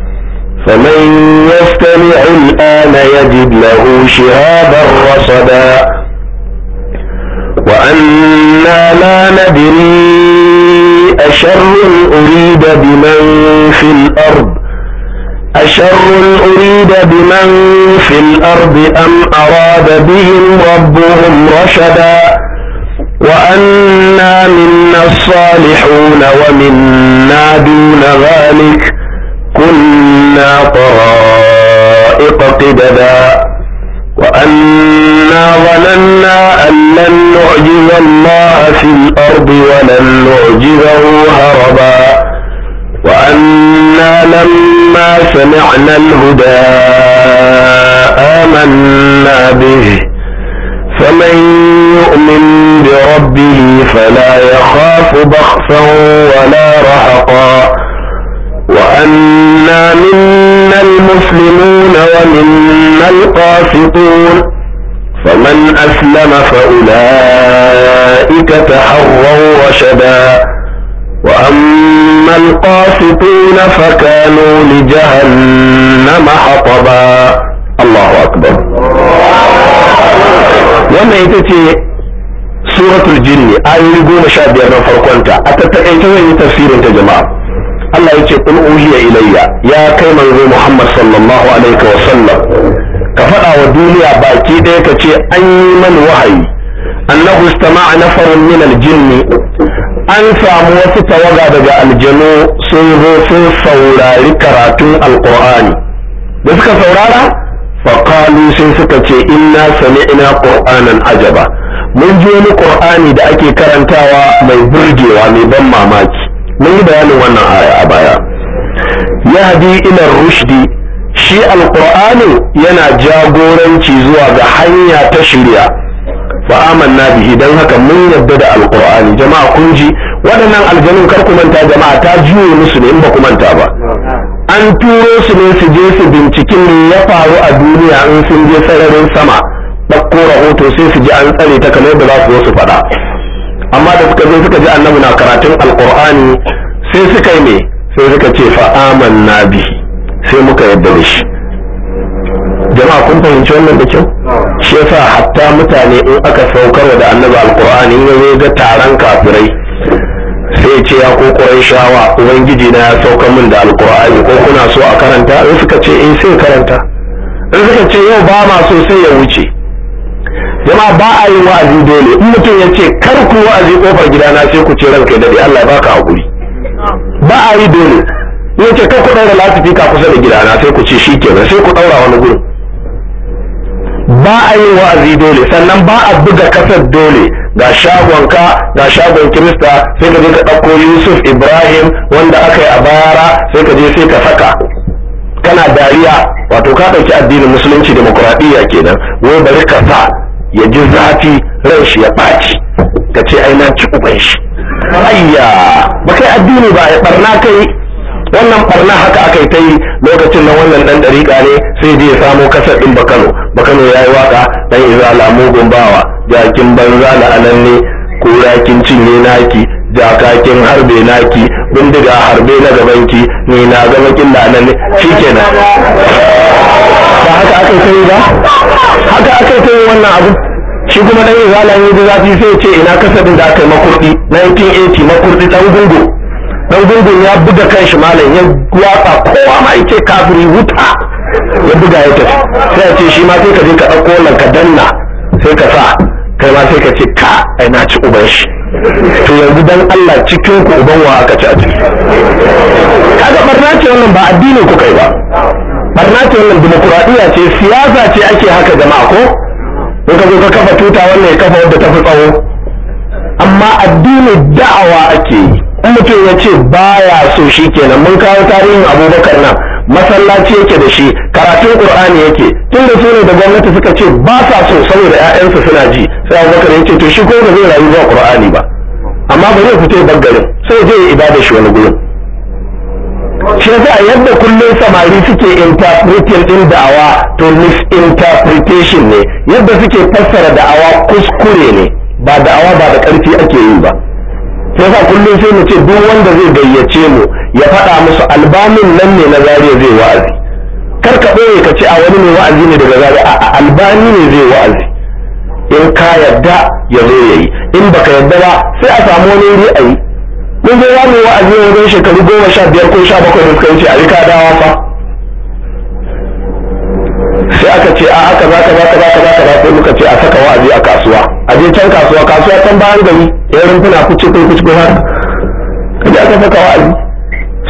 فمن يستمع الآن يجد له شهابا رصدا وأنا لا ندري أشر أريد بمن في الأرض أشر أريد بمن في الأرض أم أراد بهم ربهم رشدا وأنا منا الصالحون ومنا دون ذلك كنا طرائق قددا وأنا ظننا أن لن نعجز الله في الأرض ولن نعجزه هربا وأنا لما سمعنا الهدى آمنا به فمن يؤمن بربه فلا يخاف بخسا ولا رهقا وأنا منا المسلمون ومنا القاسطون فمن أسلم فأولئك تحروا رشدا وأما القاسطون فكانوا لجهنم حطبا الله أكبر وما يتتي سورة الجن آيه يقول goma من biyar أتتأيتوا farkonta تفسير tattakaice جماعة in uhiya ilayya ya kai manzo Muhammad sallallahu alaihi wa sallam ka faɗa wa duniya baki ɗaya ka ce an yi mani wahayi annahu istama'a nafarun min aljinn an samu wasu tawaga daga aljanu sun zo sun saurari karatun alqur'ani da suka saurara faqalu sai suka ce inna sami'na qur'anan ajaba mun ji wani qur'ani da ake karantawa mai burgewa mai ban mamaki mun yi bayanin wannan aya a baya yahdi ila rushdi shi alqur'anu yana jagoranci zuwa ga hanya ta shari'a fa amanna bihi dan haka mun yadda da alqur'ani jama'a kun ji waɗannan aljanun kar ku manta jama'a ta jiye musu ne in ba ku manta ba an turo su ne su je su binciki me ya faru a duniya in sun je sararin sama ɗauko rahoto sai su ji an tsare ta kamar da za su wasu faɗa amma da suka zo suka ji annabi na karatun alqur'ani sai suka yi me sai suka ce fa'aman na bi sai muka yadda da shi jama'a kun fahimci wannan da kyau shi yasa hatta mutane in aka saukar da annabi alqur'ani ya yazo ga taron kafirai sai ce ya ko shawa. ubangiji na ya saukar min da alqur'ani ko kuna so a karanta in suka ce in eh, sai karanta in suka ce yau ba ma so sai ya wuce jama'a ba a yi wa'azi dole in mutum ya ce kar ku wa'azi kofar gidana sai ku ce ranka dade Allah baka hakuri ba a yi dole in ce kai ku ɗaura lasifika kusa da gidana sai ku ce shi kenan sai ku ɗaura wani gurin ba a yi wa'azi dole sannan ba a buga kasar dole ga shagonka ga shagon kirista sai ka je ka ɗauko yusuf ibrahim wanda aka yi a bara sai ka je sai ka saka kana dariya wato ka ɗauki addinin musulunci demokuraɗiyya kenan wai bari ka sa ya ji zafi ran shi ya ɓaci ka ce ai ci uban shi ayya ba kai addini ba ya barna kai wannan barna haka aka yi ta yi lokacin nan wannan dan dariƙa ne sai je ya samo kasar din bakano bakano ya yi waka dan izala mugun bawa jakin banza anan la'ananne kurakin cinye naki jakakin harbe naki bindiga harbe na gabanki ni na ga bakin la'ananne shikenan ba haka aka yi ta yi ba haka aka yi ta yi wannan abu shi kuma dan izala ne da zafi sai ce ina kasabin da aka yi makurdi 1980 makurdi dan gungu dan gungun ya buga kan shi malam ya watsa kowa ma yace kafiri wuta ya buga ya tafi sai ya ce shi ma sai ka je ka dauko wannan ka danna sai ka sa kai ma sai ka ce ka ai na ci uban shi to yanzu dan Allah cikin ku uban wa aka ci a ciki kaga barna ce wannan ba addini ku kai ba barna ce wannan dimokuraɗiyya ce siyasa ce ake haka jama'a ko in ka zo ka kafa tuta wannan ya kafa wadda ta fi tsawo amma addinin da'awa ake yi in mutum ya ce ba ya so shi kenan mun kawo tarihin abubakar nan masallaci yake da shi karatun ƙur'ani yake tun da sune da gwamnati suka ce ba sa so saboda ƴaƴansu suna ji sai abubakar ya ce to shi ko ba zai rayu ba qur'ani ba amma ba zai fito ya garin sai je ya ibada shi wani gurin shi yasa yadda kullum samari suke interpreting din da'awa to misinterpretation ne yadda suke fassara da'awa kuskure ne ba da'awa ba da ƙarfi ake yi ba sai sa kullum sai mu ce duk wanda zai gayyace mu ya faɗa musu albamin nan ne na zariya zai wa'azi kar ka ɓoye ka ce a wani ne wa'azi ne daga zariya a albani ne zai wa'azi in ka yarda ya zo ya yi in baka yarda ba sai a samu wani ri'ayi mun zo zamu yi wa'azi wajen shekaru goma sha biyar ko sha bakwai da suka wuce a rika dawa fa sai aka ce a aka za ka za ka za ka za ka za sai muka ce a saka wa'azi a kasuwa a je can kasuwa kasuwa can bayan gari yan rumfuna kuce ko kuce ko haka je aka saka wa'azi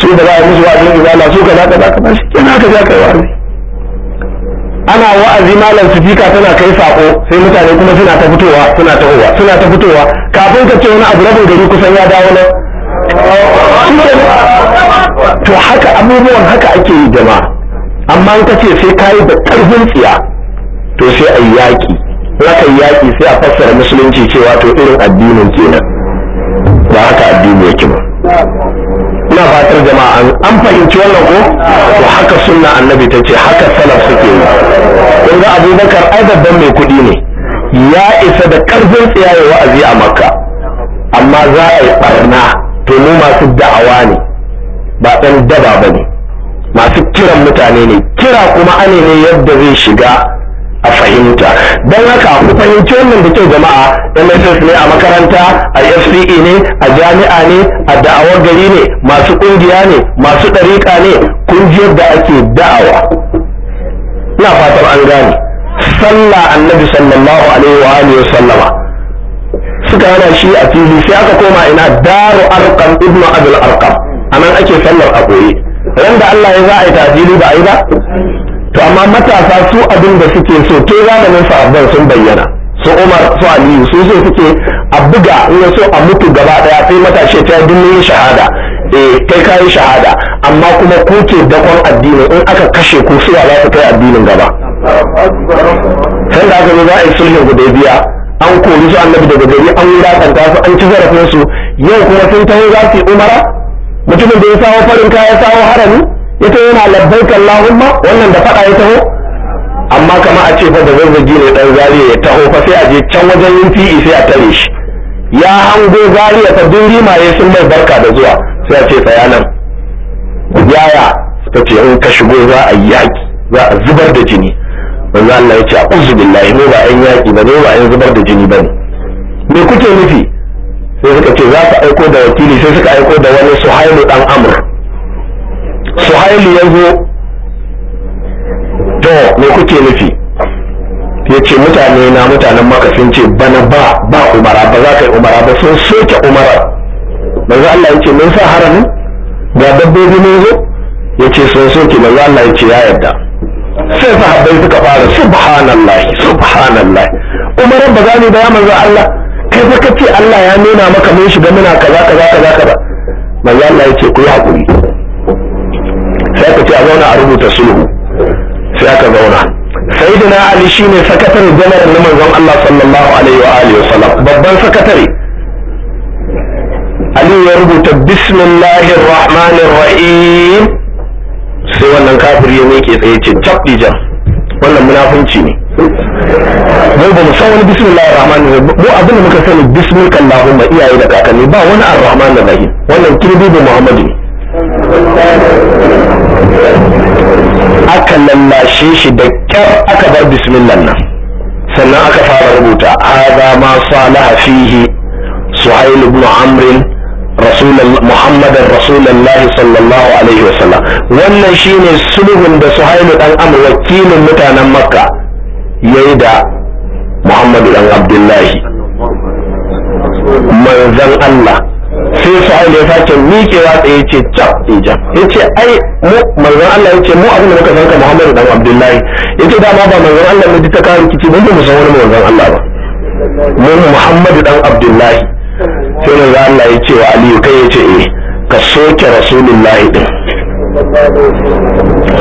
su da za a musu wa'azin izala su ka za ka za ka ba shi kenan aka za ka yi wa'azi ana wa'azi malam sifika tana kai sako sai mutane kuma suna ta fitowa suna ta fitowa suna ta kafin ka ce wani abu rabin gari kusan ya dawo na. to haka abubuwan haka ake yi jama'a amma in ka ce sai yi da ƙarfin tsiya to sai a yi yaƙi rakan yaƙi sai a fassara musulunci cewa to irin addinin kenan ba haka addini yake ba ina fatar jama'a an fahimci wannan ko to haka sunna annabi ta ce haka salaf suke yi kun ga abubakar ai babban mai kuɗi ne ya isa da ƙarfin tsiya ya wa'azi a makka amma za a yi ɓarna to mu masu da'awa ne ba ɗan daba ba ne masu kiran mutane ne kira kuma ane ne yadda zai shiga a fahimta don haka ku fahimci wannan da kyau jama'a mss ne a makaranta a fce ne a jami'a ne a da'awar gari ne masu ƙungiya ne masu ɗariƙa ne kungiyar da ake da'awa ina fatan an gane sallah annabi sallallahu alaihi wa alihi wa sallama suka hana shi a fili sai aka koma ina daru arqam ibnu abul arqam anan ake sallar a koyi ran da Allah ya za a tajili ba a yi ba to amma matasa su abin da suke so to zamanin sahabban sun bayyana su Umar su Aliyu su so suke a buga in so a mutu gaba daya sai matashi ta dinne shahada eh kai kai shahada amma kuma kuke ke dakon addini in aka kashe ku suwa za su kai addinin gaba sai da aka zo za a yi guda biya. an kori su annabi daga gari an wulakanta su an ci zarafin su yau kuma sun taho za su yi umara mutumin da ya sawo farin kaya sawo harami ya taho yana labbaikan lahumma wannan da faɗa ya taho amma kama a ce fa da zazzagi ne dan zariya ya taho fa sai a je can wajen yin fi'i sai a tare shi ya hango zariya fa dun rimaye sun mai barka da zuwa sai a ce fa yaya ta ce in ka shigo za a yaki za a zubar da jini manzo Allah ya ce a uzu billahi ne ba an yaƙi ba ne ba an zubar da jini ba ne me kuke nufi sai suka ce za ka aiko da wakili sai suka aiko da wani suhailu dan amur suhailu ya zo to me kuke nufi ya ce mutane na mutanen maka sun ce bana ba ba umara ba za ka yi umara ba sun soke umara manzo Allah ya ce mun sa haramin ga dabbobi mun zo ya ce sun soke manzo Allah ya ce ya yarda sai sahabbai suka fara subhanallah subhanallah umar ba gani ba ya manzo Allah kai fa kace Allah ya nuna maka mun shiga muna kaza kaza kaza kaza manzo Allah yace ku yi hakuri sai ka ce a zauna a rubuta sulhu sai aka zauna sayyidina ali shine sakatare jama'a na manzon Allah sallallahu alaihi wa alihi wasallam babban sakatare Ali ya rubuta bismillahir rahmanir rahim sai wannan kafiri ya ke tsaye ce cap dijan wannan munafunci ne mu ba mu san wani bismillah ar-rahman ne mu abin da muka sani bismillah ma iyaye da kakanni ba wani ar-rahman rahim wannan kirbi da muhammadu ne aka lallashe shi da kyar aka bar bismillah nan sannan aka fara rubuta hadha ma salaha fihi suhail ibn amr رسول محمد رسول الله صلى الله عليه وسلم wannan shine sulhun da Suhailu dan Amr wakilin mutanen Makka yayi da Muhammad dan Abdullahi manzan Allah sai Suhailu ya sake miƙewa tsaye ce cap ya yace ai mu manzan Allah yace mu abin da muka san ka Muhammad dan Abdullahi yace dama ba manzan Allah ne ta kawo kici mun ba mu san wani manzan Allah ba mu Muhammad dan Abdullahi sai da Allah ya ce wa Aliyu kai ya ce eh ka soke rasulullahi din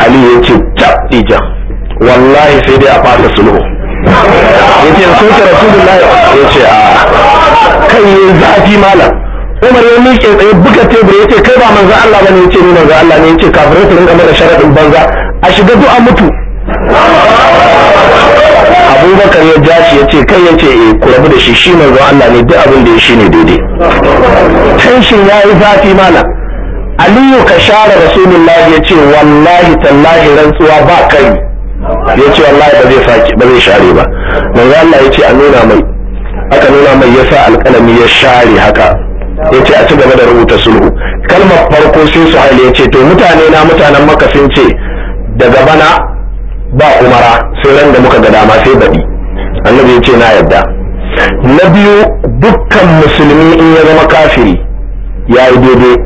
Aliyu ya ce tabdija wallahi sai dai a fasa sulhu ya ce soke rasulullahi ya ce a kai ya zafi malam Umar ya miƙe tsaye buga tebur ya ce kai ba manzo Allah bane ya ce ni manzo Allah ne ya ce kafirai su rinka mada sharadin banza a shiga du'a mutu abubakar ya ja shi ya ce kai ya ce eh ku rabu da shi shi zuwa Allah ne duk abin da ya shi ne daidai tanshin ya yi zafi mana aliyu ka share rasulullahi ya ce wallahi tallahi rantsuwa ba kai ya ce wallahi ba zai saki ba zai share ba Allah ya ce a nuna mai aka nuna mai yasa alƙalami ya share haka ya ce a ci gaba da rubuta sulhu kalmar farko sai su ya ce to mutane na mutanen maka sun ce daga bana ba umara sai ran da muka ga dama sai baɗi annabi ya ce na yarda na biyu dukkan musulmi in ya zama kafiri ya yi daidai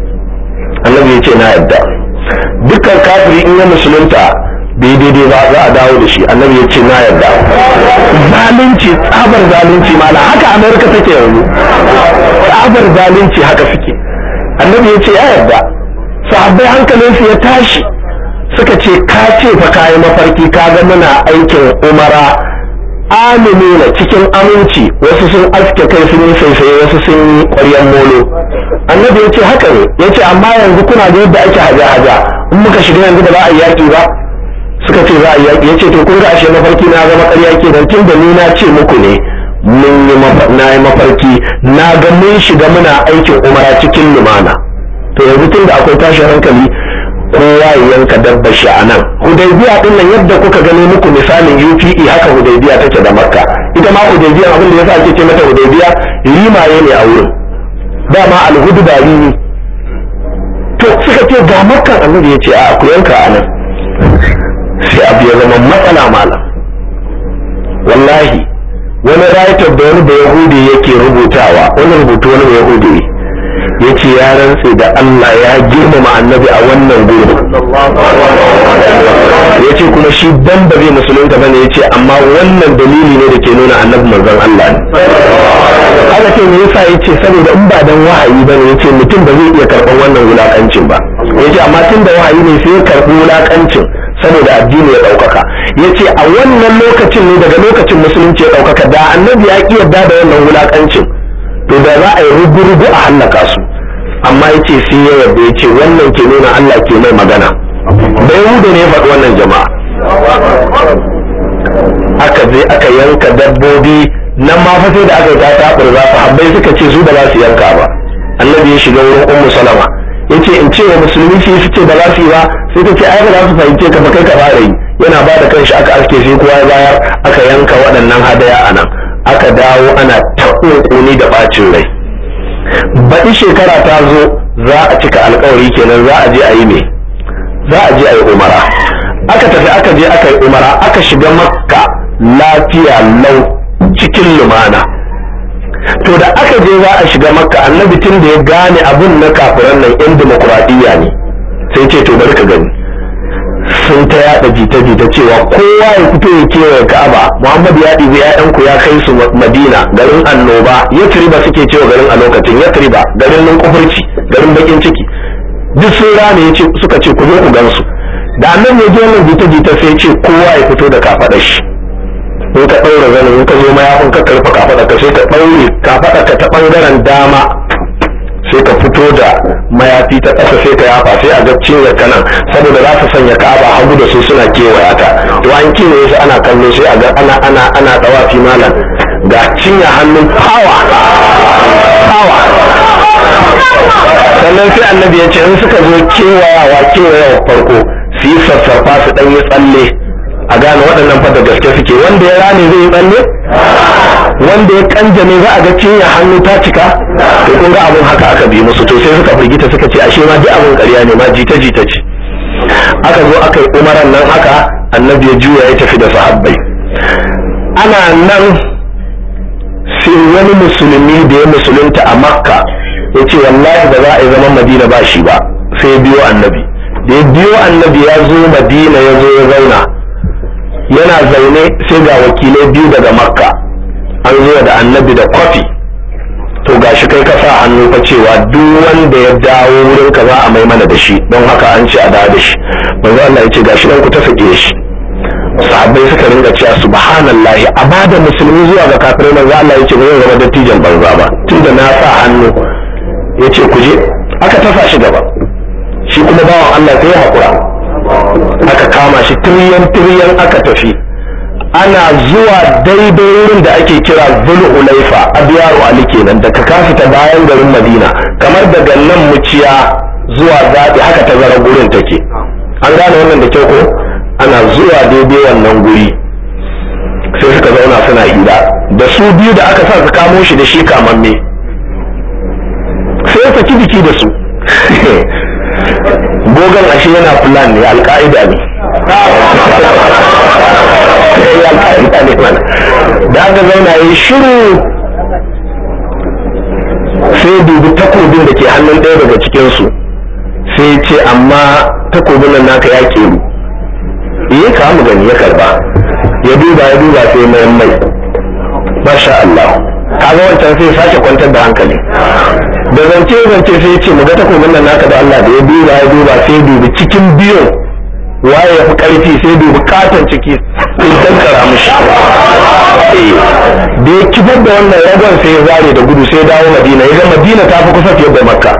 annabi ya ce na yarda dukkan kafiri in ya musulunta bai daidai ba za a dawo da shi annabi ya ce na yarda zalunci tsabar zalunci mala haka amerika take yanzu tsabar zalunci haka suke annabi ya ce ya yarda sahabbai hankalinsu ya tashi suka ce ka ce fa kayi mafarki ka ga muna aikin umara aminuna cikin aminci wasu sun aske kai sun yi saisaye wasu sun yi ƙwaryen molo annabi ya ce haka ne ya ce amma yanzu kuna da yadda ake haja-haja in muka shiga yanzu da ba a yaƙi ba suka ce za a yaƙi ya ce to kun ga ashe mafarki na zama ƙarya nan tun da ni na ce muku ne mun yi na yi mafarki na ga mun shiga muna aikin umara cikin lumana to yanzu tun da akwai tashin hankali kowa ya yanka dabba shi a nan hudaybiya din nan yadda kuka gani muku misalin UPE haka hudaybiya take da makka ita ma hudaybiya abin da yasa ake ce mata hudaybiya limaye ne a wurin dama alhudu ba ne to suka ce ga makka annabi ya ce a ku yanka a nan sai abu ya zama matsala malam wallahi wani rayatar da wani da yahudi yake rubutawa wani rubutu wani yahudi ya ce ya rantse da Allah ya girmama annabi a wannan gurin ya ce kuma shi dan ba zai ka bane ya ce amma wannan dalili ne da ke nuna annabi manzon Allah ne haka ce ne yasa ya ce saboda in ba dan wahayi bane ya ce mutum ba zai iya karɓar wannan wulakancin ba ya ce amma tun da wahayi ne sai ya karɓi wulakancin saboda addini ya ɗaukaka ya ce a wannan lokacin ne daga lokacin musulunci ya ɗaukaka da annabi ya ƙi yarda da wannan wulakancin to da za a yi rubu rubu a hallaka su amma ya ce sai ya yarda ya wannan ke nuna Allah ke mai magana Bai wuda ne ya faɗi wannan jama'a aka je aka yanka dabbobi nan ma fa sai da aka ga ta burza habbai suka ce su ba za su yanka ba annabi ya shiga wurin ummu salama yace in ce wa musulmi shi su ce ba za su yi ba sai ta ce ai ba za su fahimce ka ba kai ka fara yi yana ba da kanshi aka aske sai kowa ya bayar aka yanka waɗannan hadaya a nan aka dawo ana ƙuni da ɓacin rai baɗi shekara ta zo za a cika alkawari kenan za a je a yi ne za a je a yi umara aka tafi aka je aka yi umara aka shiga makka lafiya lau cikin lumana to da aka je za a shiga makka annabi tun da ya gane abin na kafiran nan yan dimokuraɗiyya ne sai ce to bari ka gani sun ta yada jita-jita cewa kowa ya fito ya kewaye ka'aba muhammadu ya ɗibi ya'yanku ya kai su madina garin annoba ya tiriba suke cewa garin a lokacin ya tiriba garin nan kufurci garin bakin ciki duk sun ce suka ce ku zo ku gansu da nan ya je wannan jita-jita sai ce kowa ya fito da kafaɗa shi in ka ɗaura zanen in ka zo mayafin ka karfa kafaɗa ka sai ka ɗaure kafaɗa ka ta ɓangaren dama sai ka fito da mayafi ta ƙasa sai ka yafa sai a gabcin ya nan saboda za su sanya ba hagu da su suna kewaya ta to an kiwo su ana kallo sai a ga ana ana ana fi malam ga cinya hannun hawa hawa sannan sai annabi ya ce in suka zo kewayawa kewayawa farko su yi sassarfa su ɗan yi tsalle a gane waɗannan fa da gaske suke wanda ya rane zai yi tsalle wanda ya kanja kanjame za a ga cinya hannu ta cika to kun ga abin haka aka bi musu to sai suka firgita suka ce ashe ma duk abin ƙarya ne ma jita jita ce aka zo aka yi umaran nan haka annabi ya juya ya tafi da sahabbai ana nan sai wani musulmi da ya musulunta a makka ya ce wallahi ba za a yi zaman madina ba shi ba sai ya biyo annabi da ya biyo annabi ya zo madina ya zo ya zauna yana zaune sai ga wakilai biyu daga makka an zuwa da annabi da kwafi to ga shi kai kasa sa hannu fa cewa duk wanda ya dawo wurin ka za a mai mana da shi don haka an ce a dawo da shi manzo Allah ya ce ga dan ku ta sake shi sahabbai suka ringa cewa subhanallahi a bada musulmi zuwa ga kafirai manzo Allah ya ce ba zan zama dattijan banza ba tunda na sa hannu ya ce ku je aka tafa shi gaba shi kuma bawan Allah sai ya hakura aka kama shi tiriyan tiriyan aka tafi ana zuwa daidai wurin da ake kira zulu ulaifa abiyaru ali kenan daga ka ta bayan garin madina kamar daga nan muciya zuwa zaɓi haka ta zara gurin take an gane wannan da kyau ko ana zuwa daidai wannan guri sai suka zauna suna hira da su biyu da aka sa su kamo shi da shi kamanne sai ta saki jiki da su gogon ashe yana plan ne alka'ida ne ya mutane mana da aka zauna ya shiru sai dubi takobin da ke hannun ɗaya daga cikinsu sai ce amma takobin nan naka ya ƙeru ya kamu gani ya karba ya duba ya duba sai mayan mai masha Allah kaga wancan sai sake kwantar da hankali da zance zance sai ya ce mu ga takobin nan naka da Allah da ya duba ya duba sai dubi cikin biyu waye ya fi karfi sai dubi katon ciki kun tattara mishi eh, da ya kifar da wannan ragon sai ya zare da gudu sai ya dawo madina ya ga madina ta fi kusa fiye da makka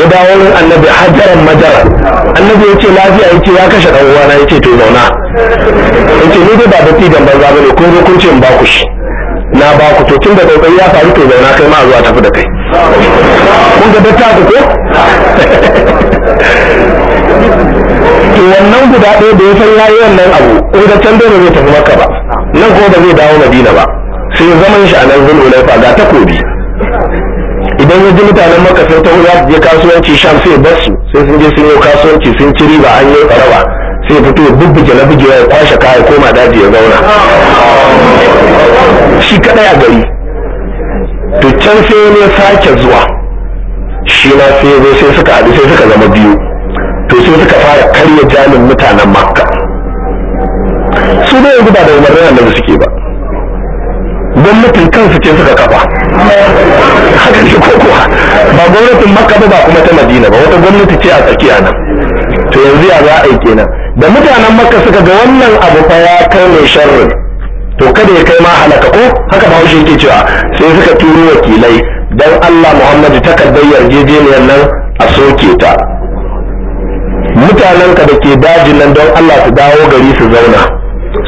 ya dawo wurin annabi hajaran majaran annabi ya ce lafiya ya ce ya kashe ɗan uwana ya ce to zauna ya ce ni dai ba da tidan banza ba ne kun zo kun ce in ba ku shi na ba ku to tun da kokari ya faru to zauna kai ma a zuwa tafi da kai kun ga datta ko to wannan guda ɗaya da ya san yayi wannan abu in ga can dole zai tafi maka ba nan kuma ba zai dawo madina ba sai zama shi a nan zulu laifa ga takobi idan ya ji mutanen maka sun ta su je kasuwanci sham sai bar su sai sun je sun yi kasuwanci sun ci riba an yi tsarawa sai fito ya bubbuke na bugewa ya kwashe kaya koma daji ya zauna shi kadai a gari to can sai ne sake zuwa shi ma sai sai suka haɗu sai suka zama biyu to sai suka fara karya jalin mutanen makka su ne yanzu ba da umarnin annabi suke ba gwamnatin kansu ce suka kafa haka ne ko kuwa ba gwamnatin makka ba ba kuma ta madina ba wata gwamnati ce a tsakiya nan to yanzu ya za a yi kenan da mutanen makka suka ga wannan abu fa ya kai mai sharrin to kada ya kai ma halaka ko haka ba shi yake cewa sai suka turo wakilai dan Allah Muhammadu takardar yarjejeniyar nan a soke ta mutanenka da ke daji nan don Allah su dawo gari su zauna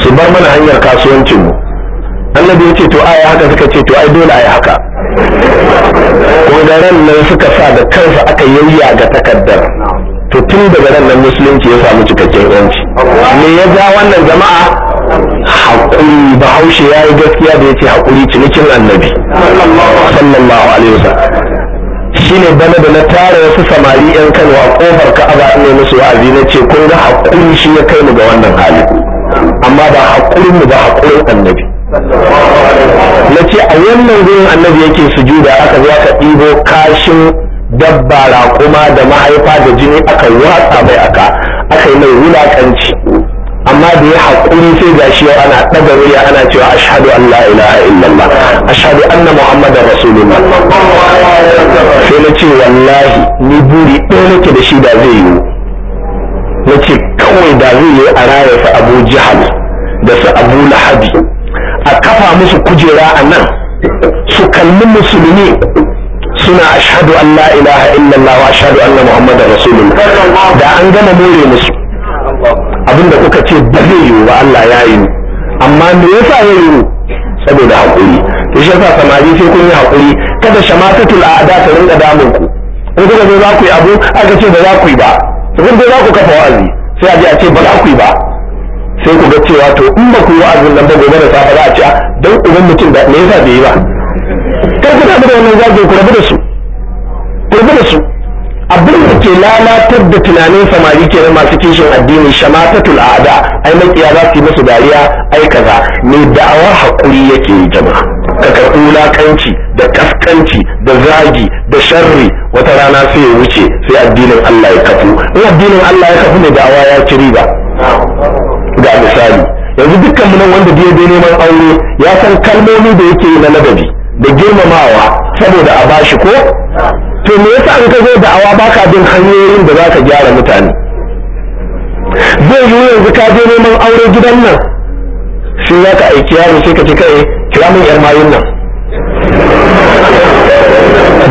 su bar mana hanyar mu. annabi ya ce to ai haka suka ce to ai dole ai haka ran nan suka sa da kansa aka yayya ga takaddar to tun daga ran nan musulunci ya samu cikakken yanci me ya ja wannan jama'a hakuri bahaushe ya yi gaskiya da ya ce haƙuri cinikin annabi sallallahu alaihi wasallam ne bana da na tara wasu samari yan Kano a kofar Ka'aba ne musu wa'azi na ce kun ga hakuri shi ya kai mu ga wannan hali amma ba hakurin mu ba hakurin annabi na ce a wannan gurin annabi yake sujuda aka zo ka ɗibo kashin dabba kuma da mahaifa da jini aka watsa mai aka aka yi mai wulaƙanci amma da ya haƙuri sai gashi yau ana ɗaga murya ana cewa ashhadu an la ilaha illallah ashhadu anna muhammad rasulullah sai na ce wallahi ni buri ɗaya nake da shi da zai yi. na ce kawai da zai yi a raya su abu jihal da su abu lahabi a kafa musu kujera a nan su kalli musulmi suna ashhadu an la ilaha illallah wa ashhadu anna muhammadar rasulullah da an gama more musu Abin da kuka ce ba zai yiwu ba Allah ya yi amma me yasa ya yiwu saboda hakuri to shi yasa samari sai kun yi hakuri kada shamatatul a'da ta rinka damun ku in kuka zo za ku yi abu aka ce ba za ku yi ba kun zo za ku kafa wa'azi sai a a ce ba za ku yi ba sai ku ga cewa to in ba ku yi wa'azin nan ba gobe da safa za a ce ah, dan uban mutum da me yasa bai yi ba kar ku da wannan zagin ku rabu da su ake lalatar da tunanin samari ke masu kishin addini shamatatul ada ai makiya za su yi masu dariya ai kaza da da'awa hakuri yake yi jama'a ka karɓi wulakanci da kaskanci da zagi da sharri wata rana sai ya wuce sai addinin Allah ya kafu in addinin Allah ya kafu ne da'awa ya ci riba ga misali yanzu dukkan mu nan wanda bai bai neman aure ya san kalmomi da yake yi na ladabi da girmamawa saboda a bashi ko to me yasa an kazo zo da'awa baka bin hanyoyin da za ka gyara mutane zai yi yanzu ka je neman aure gidan nan shi za ka aiki yaro sai ka ci kai kira min yar mayun nan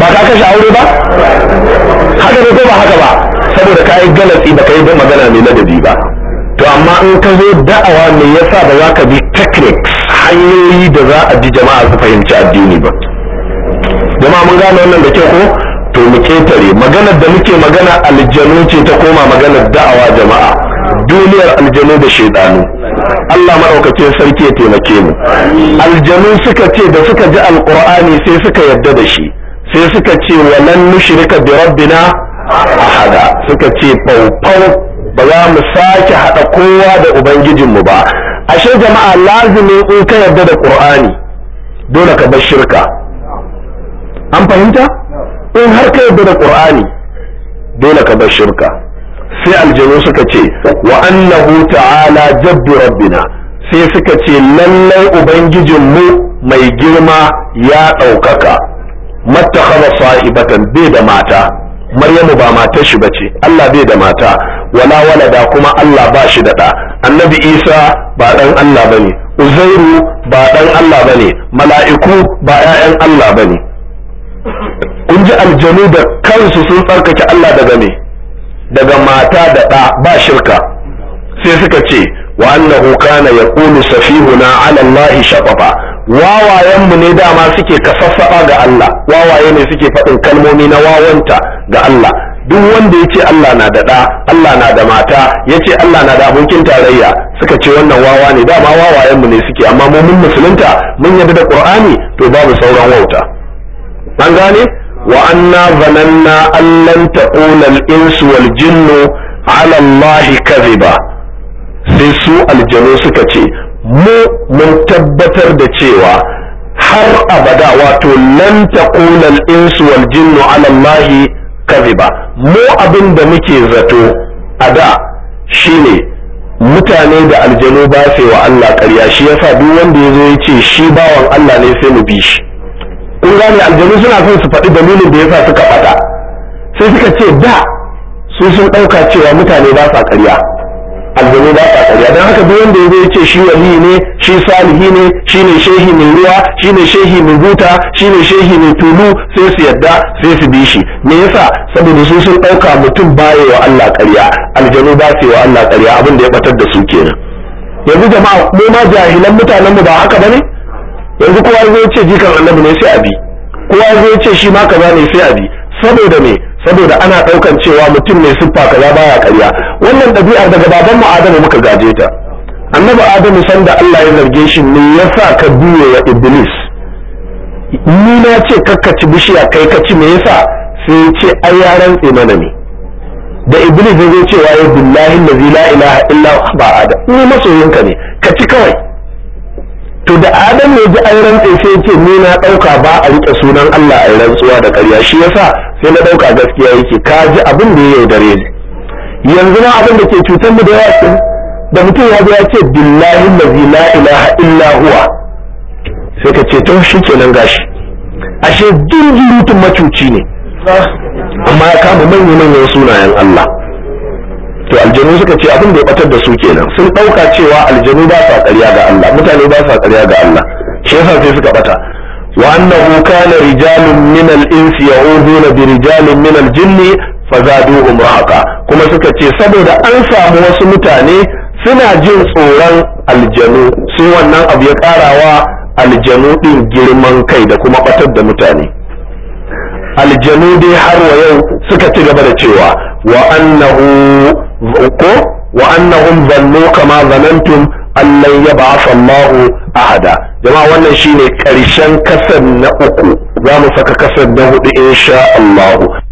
ba ka kashe aure ba haka ne ko ba haka ba saboda ka yi galatsi ba ka yi magana na ladabi ba to amma in ka zo da'awa me yasa ba za ka bi techniques hanyoyi da za a ji jama'a su fahimci addini ba jama'a mun gane wannan da kyau ko to mu ketare maganar da muke magana aljanu ce ta koma maganar da'awa jama'a duniyar aljanu da shaidanu Allah maɗaukacin sarki ya taimake mu aljanu suka ce da suka ji alqur'ani sai suka yarda da shi sai suka ce walan nushrika bi rabbina ahada suka ce faufau ba za mu sake haɗa kowa da ubangijinmu ba ashe jama'a lazimi in ka yarda da ƙur'ani? dole ka bar shirka an fahimta in har ka yarda da qur'ani dole ka bar shirka sai aljanu suka ce wa annahu ta'ala jaddu rabbina sai suka ce lallai ubangijinmu mai girma ya ɗaukaka mattakhadha sa'ibatan bai da mata maryamu ba matar shi bace Allah bai da mata wala walada kuma Allah ba shi da ɗa annabi isa ba ɗan Allah bane uzairu ba ɗan Allah bane mala'iku ba 'ya'yan Allah bane kun ji aljanu da kansu sun tsarkake Allah daga me daga mata da ɗa ba shirka sai suka ce wa annahu kana yaqulu safihuna ala Allah shafafa wawayen mu ne dama suke kasassaba ga Allah wawaye ne suke faɗin kalmomi na wawanta ga Allah duk wanda yace Allah na da ɗa Allah na da mata yace Allah na da abokin tarayya suka ce wannan wawa ne dama wawayen mu ne suke amma mu mun musulunta mun yarda da Qur'ani to babu sauran wauta an gane وأنا ظننا أن لن تقول الإنس والجن على الله كذبا sai su aljanu suka ce mu mun tabbatar da cewa har abada wato lan taqula al-insu wal jinnu ala Allah kadhiba mu abin da muke zato a da shine mutane da aljanu ba sai wa Allah ƙarya shi yasa duk wanda yazo ya ce shi bawan Allah ne sai mu bi shi kun gane aljanu suna son su faɗi dalilin da ya sa suka faɗa sai suka ce da su sun ɗauka cewa mutane ba sa ƙarya aljanu ba sa ƙarya don haka duk wanda ya ce shi wali ne shi salihi ne shi ne shehi mai ruwa shi ne shehi mai buta shi ne shehi mai tulu sai su yadda sai su bi shi me yasa saboda su sun ɗauka mutum baya wa Allah ƙarya aljanu ba su yi wa Allah ƙarya abin ya batar da su kenan yanzu jama'a mu ma jahilan mutanenmu ba haka ba ne. yanzu kowa ya ce jikan annabi ne sai a bi kowa zai ce shi ma kaza ne sai a bi saboda me saboda ana daukan cewa mutum mai siffa kaza baya ƙarya wannan ɗabi'ar daga baban mu Adamu muka gaje ta annabi Adamu sanda Allah ya zarge shi ne yasa ka biye wa Iblis ni na ce kakkaci bishiya kai ka ci me yasa sai ya ce ai ya rantse mana ne da Iblis zai ce wa ya billahi la ilaha illa huwa ba Adam ni masoyinka ne ka ci kawai to da adam ya ji an rantse sai ce ni na dauka ba a rike sunan Allah a rantsuwa da ƙarya shi yasa sai na dauka gaskiya yake ka ji abin da ya yaudare ni yanzu ma abin da ke cutar mu da yawa da mutum ya zo ya ce billahi allazi la ilaha illa huwa sai ka ce to shikenan gashi ashe dindin mutum macuci ne amma ya kama manyan manyan sunayen Allah to aljanu suka ce abin da ya batar da su kenan sun ɗauka cewa aljanu ba sa ƙarya ga Allah mutane ba sa ƙarya ga Allah shi yasa sai suka bata wa annahu kana rijalun min al-ins ya'uduna bi rijalin min al-jinn fazaduhum raqa kuma suka ce saboda an samu wasu mutane suna jin tsoron aljanu sai wannan abu ya karawa aljanu din girman kai da kuma batar da mutane aljanu dai har wa yau suka ci gaba da cewa wa ko wa annahum zannu kama zanantum allan yab'atha a ahada jama'a wannan shine karshen kasar na uku za mu saka kasar na hudu insha Allah